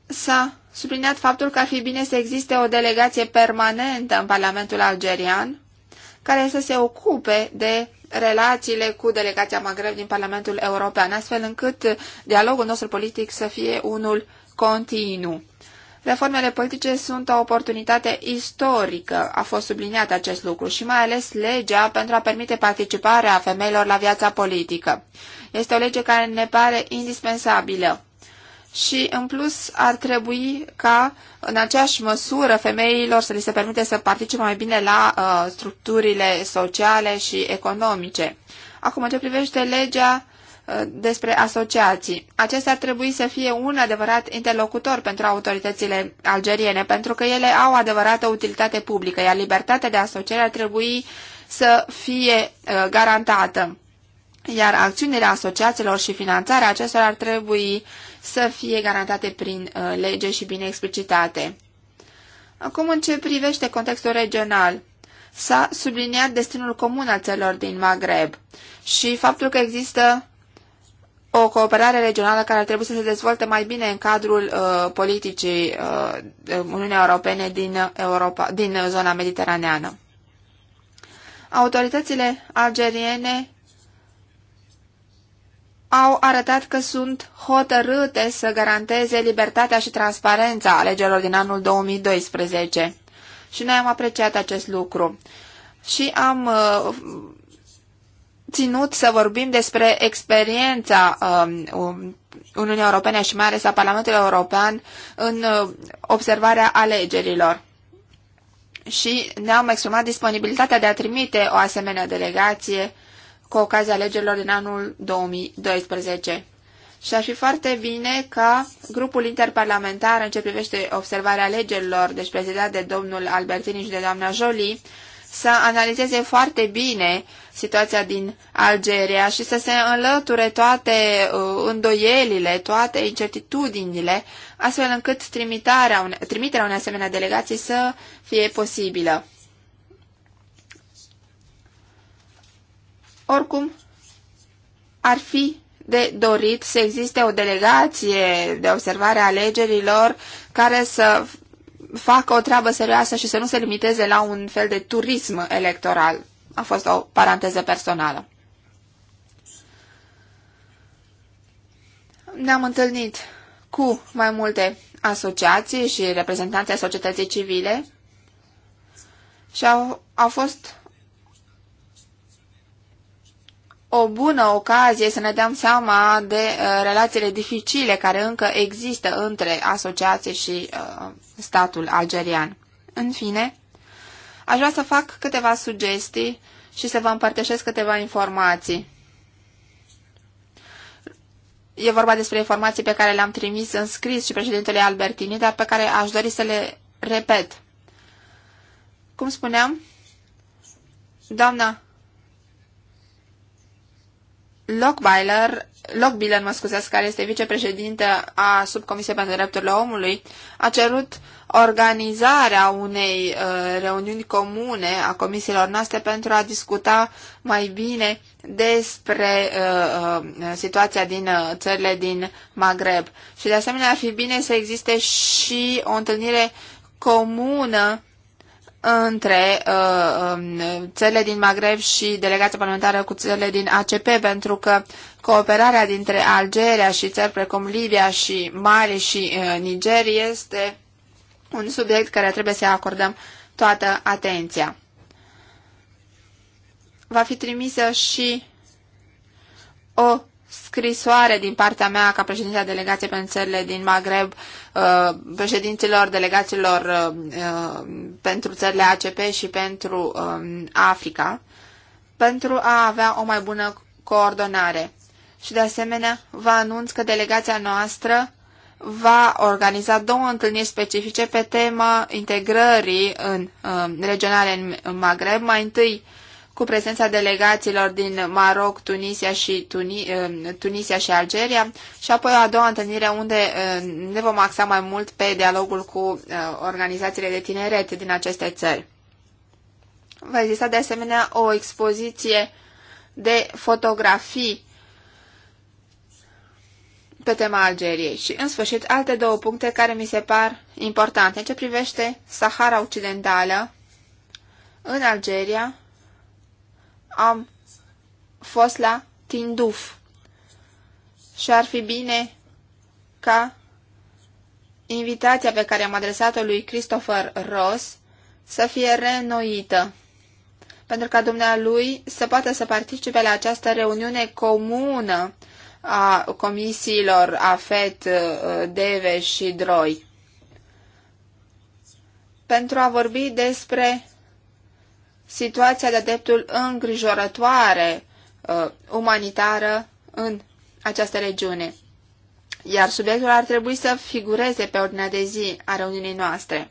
S-a subliniat faptul că ar fi bine să existe o delegație permanentă în Parlamentul algerian care să se ocupe de relațiile cu delegația Maghreb din Parlamentul European, astfel încât dialogul nostru politic să fie unul continuu. Reformele politice sunt o oportunitate istorică, a fost subliniat acest lucru, și mai ales legea pentru a permite participarea femeilor la viața politică. Este o lege care ne pare indispensabilă și, în plus, ar trebui ca, în aceeași măsură, femeilor să li se permite să participe mai bine la uh, structurile sociale și economice. Acum, ce privește legea uh, despre asociații. Acestea ar trebui să fie un adevărat interlocutor pentru autoritățile algeriene, pentru că ele au adevărată utilitate publică, iar libertatea de asociere ar trebui să fie uh, garantată. Iar acțiunile asociațiilor și finanțarea acestora ar trebui uh, să fie garantate prin uh, lege și bine explicitate. Acum, în ce privește contextul regional, s-a subliniat destinul comun al țărilor din Maghreb și faptul că există o cooperare regională care ar trebui să se dezvolte mai bine în cadrul uh, politicii uh, Uniunii Europene din, Europa, din zona mediteraneană. Autoritățile algeriene au arătat că sunt hotărâte să garanteze libertatea și transparența alegerilor din anul 2012. Și noi am apreciat acest lucru. Și am uh, ținut să vorbim despre experiența uh, Uniunii Europene și mai ales a Parlamentului European în uh, observarea alegerilor. Și ne-am exprimat disponibilitatea de a trimite o asemenea delegație cu ocazia alegerilor din anul 2012. Și ar fi foarte bine ca grupul interparlamentar în ce privește observarea alegerilor, deci prezidat de domnul Albertini și de doamna Jolie, să analizeze foarte bine situația din Algeria și să se înlăture toate uh, îndoielile, toate incertitudinile, astfel încât trimiterea unei, trimiterea unei asemenea delegații să fie posibilă. Oricum, ar fi de dorit să existe o delegație de observare a alegerilor care să facă o treabă serioasă și să nu se limiteze la un fel de turism electoral. A fost o paranteză personală. Ne-am întâlnit cu mai multe asociații și reprezentanții societății civile și au, au fost o bună ocazie să ne dăm seama de uh, relațiile dificile care încă există între asociație și uh, statul algerian. În fine, aș vrea să fac câteva sugestii și să vă împărtășesc câteva informații. E vorba despre informații pe care le-am trimis în scris și președintele Albertini, dar pe care aș dori să le repet. Cum spuneam, doamna Lockbiler, Lockbiller, mă scuzați, care este vicepreședinte a Subcomisiei pentru Drepturile Omului, a cerut organizarea unei uh, reuniuni comune a comisiilor noastre pentru a discuta mai bine despre uh, uh, situația din uh, țările din Maghreb. Și de asemenea ar fi bine să existe și o întâlnire comună între uh, um, țările din Maghreb și delegația parlamentară cu țările din ACP, pentru că cooperarea dintre Algeria și țări precum Libia și Mali și uh, Niger este un subiect care trebuie să acordăm toată atenția. Va fi trimisă și o scrisoare din partea mea ca președinte a delegației pentru țările din Maghreb, uh, președinților delegațiilor uh, uh, pentru țările ACP și pentru um, Africa, pentru a avea o mai bună coordonare. Și de asemenea, vă anunț că delegația noastră va organiza două întâlniri specifice pe tema integrării în, în um, regionale în Maghreb, mai întâi cu prezența delegațiilor din Maroc, Tunisia și, Tuni, um, Tunisia și Algeria și apoi a doua întâlnire unde um, ne vom axa mai mult pe dialogul cu uh, organizațiile de tineret din aceste țări. Va exista de asemenea o expoziție de fotografii pe tema Algeriei și, în sfârșit, alte două puncte care mi se par importante în ce privește Sahara Occidentală. În Algeria, am fost la Tinduf și ar fi bine ca invitația pe care am adresat-o lui Christopher Ross să fie reînnoită, pentru ca dumnealui să poată să participe la această reuniune comună a comisiilor AFET, uh, DEVE și DROI, pentru a vorbi despre situația de dreptul îngrijorătoare uh, umanitară în această regiune. Iar subiectul ar trebui să figureze pe ordinea de zi a reuniunii noastre.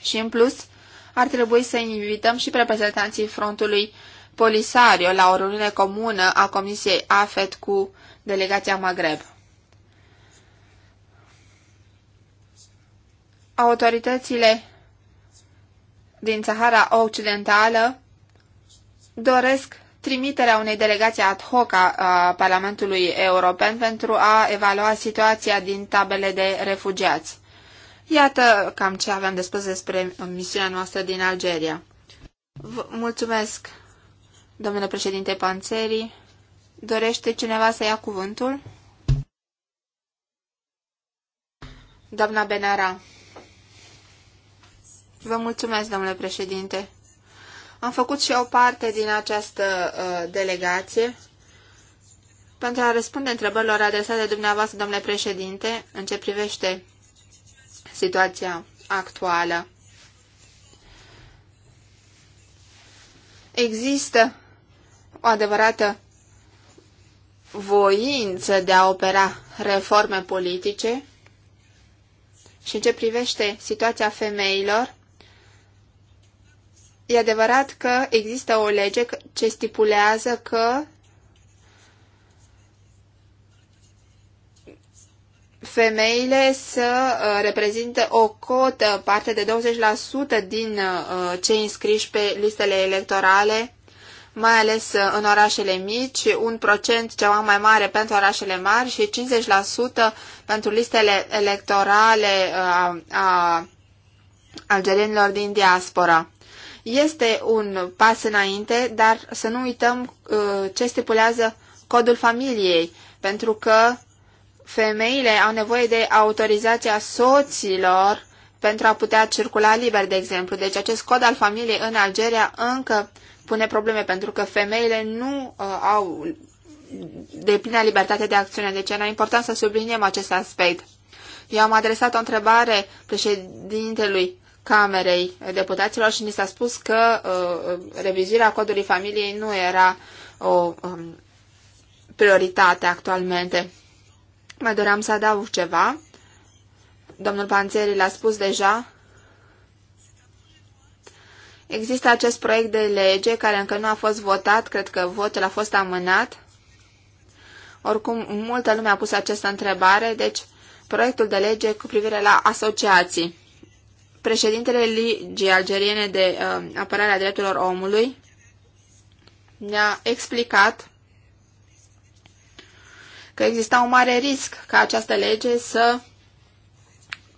Și în plus, ar trebui să invităm și reprezentanții frontului Polisario la o reuniune comună a Comisiei AFET cu delegația Maghreb. Autoritățile din Sahara Occidentală doresc trimiterea unei delegații ad hoc a, a Parlamentului European pentru a evalua situația din tabele de refugiați. Iată cam ce aveam de spus despre misiunea noastră din Algeria. V- mulțumesc, domnule președinte Panțeri. Dorește cineva să ia cuvântul? Doamna Benara. Vă mulțumesc, domnule președinte. Am făcut și o parte din această uh, delegație pentru a răspunde întrebărilor adresate dumneavoastră, domnule președinte, în ce privește situația actuală. Există o adevărată voință de a opera reforme politice și în ce privește situația femeilor, E adevărat că există o lege ce stipulează că femeile să uh, reprezintă o cotă, parte de 20% din uh, cei înscriși pe listele electorale, mai ales uh, în orașele mici, un procent ceva mai mare pentru orașele mari și 50% pentru listele electorale a, a algerienilor din diaspora. Este un pas înainte, dar să nu uităm uh, ce stipulează codul familiei, pentru că femeile au nevoie de autorizația soților pentru a putea circula liber, de exemplu. Deci acest cod al familiei în Algeria încă pune probleme, pentru că femeile nu uh, au de plină libertate de acțiune. Deci era important să subliniem acest aspect. Eu am adresat o întrebare președintelui Camerei Deputaților și ni s-a spus că uh, revizuirea codului familiei nu era o um, prioritate actualmente. Mai doream să adaug ceva. Domnul Panțeri l-a spus deja. Există acest proiect de lege care încă nu a fost votat, cred că votul a fost amânat. Oricum, multă lume a pus această întrebare, deci proiectul de lege cu privire la asociații. Președintele Ligii Algeriene de uh, Apărare a Drepturilor Omului ne-a explicat că exista un mare risc ca această lege să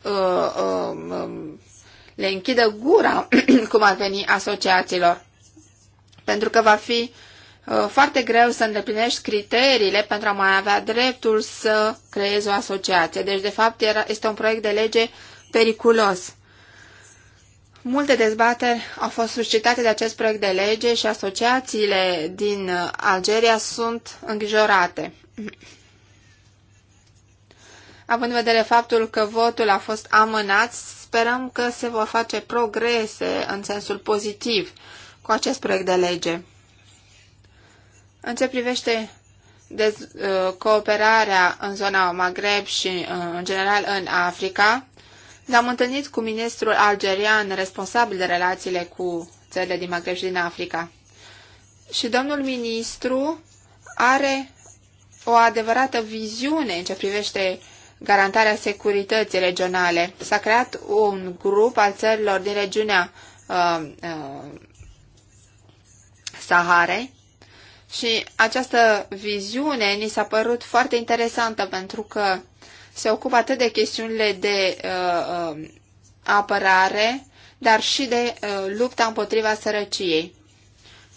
uh, uh, uh, le închidă gura, cum ar veni, asociațiilor. Pentru că va fi uh, foarte greu să îndeplinești criteriile pentru a mai avea dreptul să creezi o asociație. Deci, de fapt, era, este un proiect de lege periculos. Multe dezbateri au fost suscitate de acest proiect de lege și asociațiile din uh, Algeria sunt îngrijorate. Având în vedere faptul că votul a fost amânat, sperăm că se vor face progrese în sensul pozitiv cu acest proiect de lege. În ce privește dez, uh, cooperarea în zona Maghreb și uh, în general în Africa, ne-am întâlnit cu ministrul algerian responsabil de relațiile cu țările din Maghreb și din Africa. Și domnul ministru are o adevărată viziune în ce privește garantarea securității regionale. S-a creat un grup al țărilor din regiunea uh, uh, Sahare și această viziune ni s-a părut foarte interesantă pentru că se ocupă atât de chestiunile de uh, uh, apărare, dar și de uh, lupta împotriva sărăciei.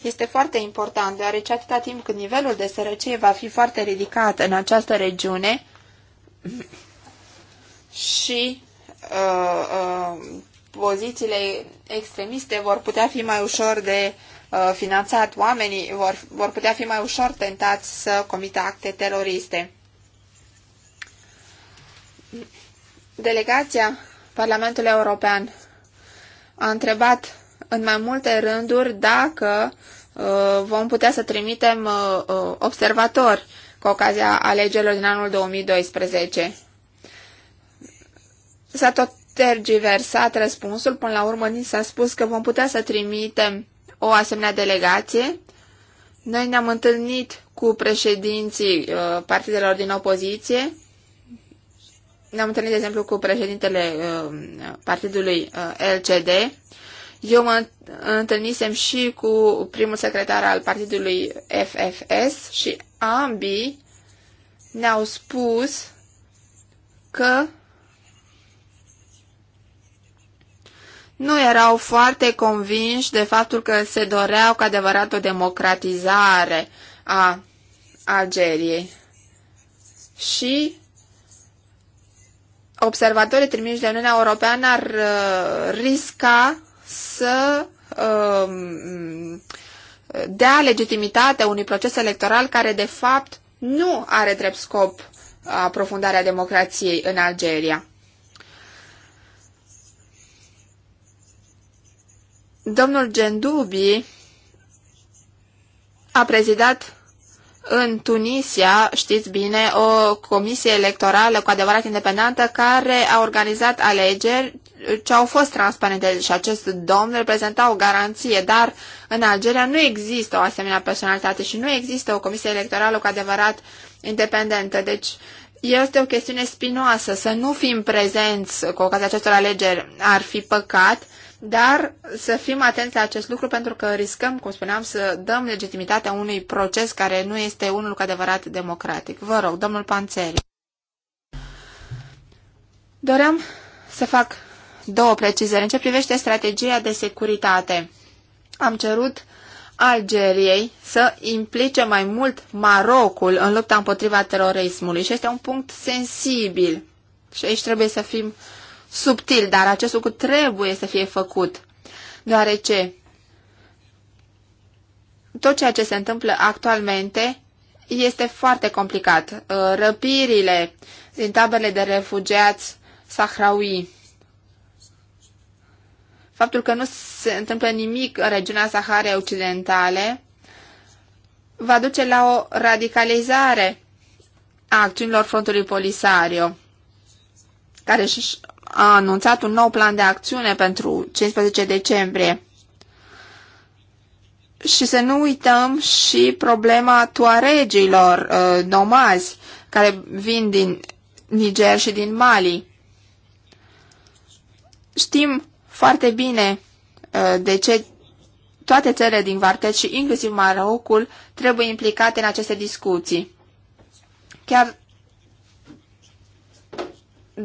Este foarte important, deoarece atâta timp cât nivelul de sărăcie va fi foarte ridicat în această regiune și uh, uh, pozițiile extremiste vor putea fi mai ușor de uh, finanțat, oamenii vor, vor putea fi mai ușor tentați să comită acte teroriste. Delegația Parlamentului European a întrebat în mai multe rânduri dacă uh, vom putea să trimitem uh, uh, observatori cu ocazia alegerilor din anul 2012. S-a tot tergiversat răspunsul, până la urmă ni s-a spus că vom putea să trimitem o asemenea delegație. Noi ne-am întâlnit cu președinții partidelor din opoziție ne-am întâlnit, de exemplu, cu președintele uh, partidului uh, LCD. Eu mă întâlnisem și cu primul secretar al partidului FFS și ambii ne-au spus că nu erau foarte convinși de faptul că se doreau cu adevărat o democratizare a Algeriei. Și observatorii trimiși de Uniunea Europeană ar uh, risca să um, dea legitimitate unui proces electoral care, de fapt, nu are drept scop aprofundarea democrației în Algeria. Domnul Gendubi a prezidat în Tunisia, știți bine, o comisie electorală cu adevărat independentă care a organizat alegeri ce au fost transparente și acest domn reprezenta o garanție, dar în Algeria nu există o asemenea personalitate și nu există o comisie electorală cu adevărat independentă. Deci este o chestiune spinoasă. Să nu fim prezenți cu ocazia acestor alegeri ar fi păcat dar să fim atenți la acest lucru pentru că riscăm, cum spuneam, să dăm legitimitatea unui proces care nu este unul cu adevărat democratic. Vă rog, domnul Panțeri. Doream să fac două precizări. În ce privește strategia de securitate, am cerut Algeriei să implice mai mult Marocul în lupta împotriva terorismului și este un punct sensibil și aici trebuie să fim uh, subtil, dar acest lucru trebuie să fie făcut, deoarece tot ceea ce se întâmplă actualmente este foarte complicat. Uh, răpirile din taberele de refugiați sahraui, faptul că nu se întâmplă nimic în regiunea Saharei Occidentale, va duce la o radicalizare a acțiunilor frontului Polisario, care își a anunțat un nou plan de acțiune pentru 15 decembrie. Și să nu uităm și problema tuaregilor uh, nomazi care vin din Niger și din Mali. Știm foarte bine uh, de ce toate țările din Vartet și inclusiv Marocul trebuie implicate în aceste discuții. Chiar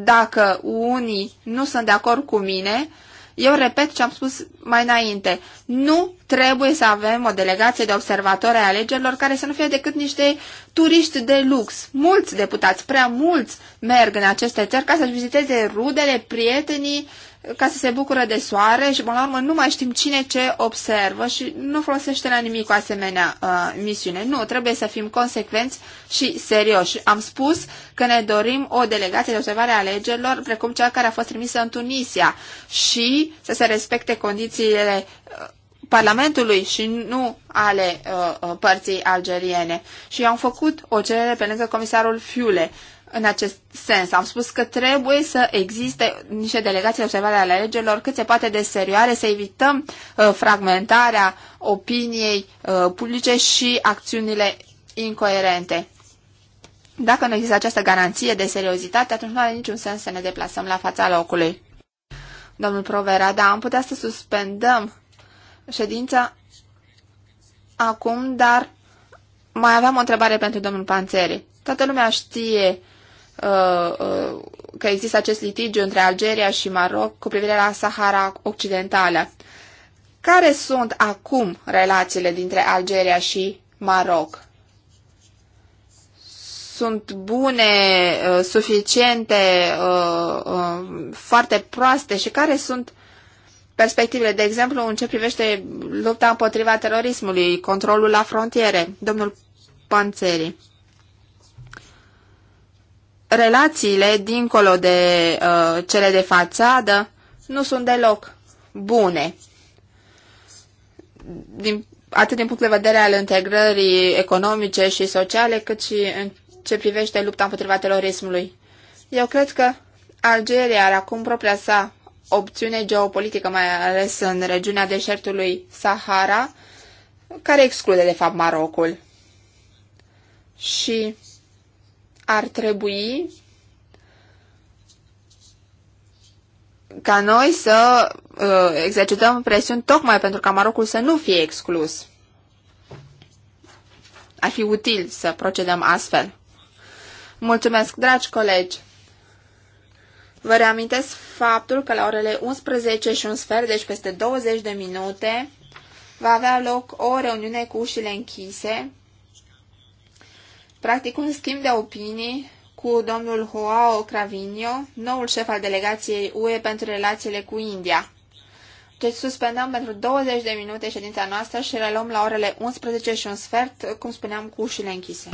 dacă unii nu sunt de acord cu mine, eu repet ce am spus mai înainte. Nu trebuie să avem o delegație de observatori ai alegerilor care să nu fie decât niște turiști de lux. Mulți deputați, prea mulți, merg în aceste țări ca să-și viziteze rudele, prietenii, ca să se bucură de soare și, până la urmă, nu mai știm cine ce observă și nu folosește la nimic o asemenea uh, misiune. Nu, trebuie să fim consecvenți și serioși. Am spus că ne dorim o delegație de observare a alegerilor, precum cea care a fost trimisă în Tunisia și să se respecte condițiile uh, Parlamentului și nu ale uh, uh părții algeriene. Și am făcut o cerere pe lângă comisarul Fiule. Uh, în acest sens. Am spus că trebuie să existe niște delegații de observare ale alegerilor cât se poate de serioare, să evităm uh, fragmentarea opiniei uh, publice și acțiunile incoerente. Dacă nu există această garanție de seriozitate, atunci nu are niciun sens să ne deplasăm la fața locului. Domnul Provera, da, am putea să suspendăm ședința acum, dar mai aveam o întrebare pentru domnul Panțeri. Toată lumea știe Uh, uh, că există acest litigiu între Algeria și Maroc cu privire la Sahara Occidentală. Care sunt acum relațiile dintre Algeria și Maroc? Sunt bune, uh, suficiente, foarte proaste și care sunt perspectivele, de exemplu, în ce privește lupta împotriva terorismului, controlul la frontiere, domnul Panțeri relațiile dincolo de uh, cele de fațadă nu sunt deloc bune. Din, atât din punct de vedere al integrării economice și sociale, cât și în ce privește lupta împotriva terorismului. Eu cred că Algeria are acum propria sa opțiune geopolitică, mai ales în regiunea deșertului Sahara, care exclude, de fapt, Marocul. Și ar trebui ca noi să uh, exercităm presiuni tocmai pentru ca Marocul să nu fie exclus. Ar fi util să procedăm astfel. Mulțumesc, dragi colegi! Vă reamintesc faptul că la orele 11 și un sfert, deci peste 20 de minute, va avea loc o reuniune cu ușile închise practic un schimb de opinii cu domnul Joao Cravinio, noul șef al delegației UE pentru relațiile cu India. Deci suspendăm pentru 20 de minute ședința noastră și reluăm la orele 11 și un sfert, cum spuneam, cu ușile închise.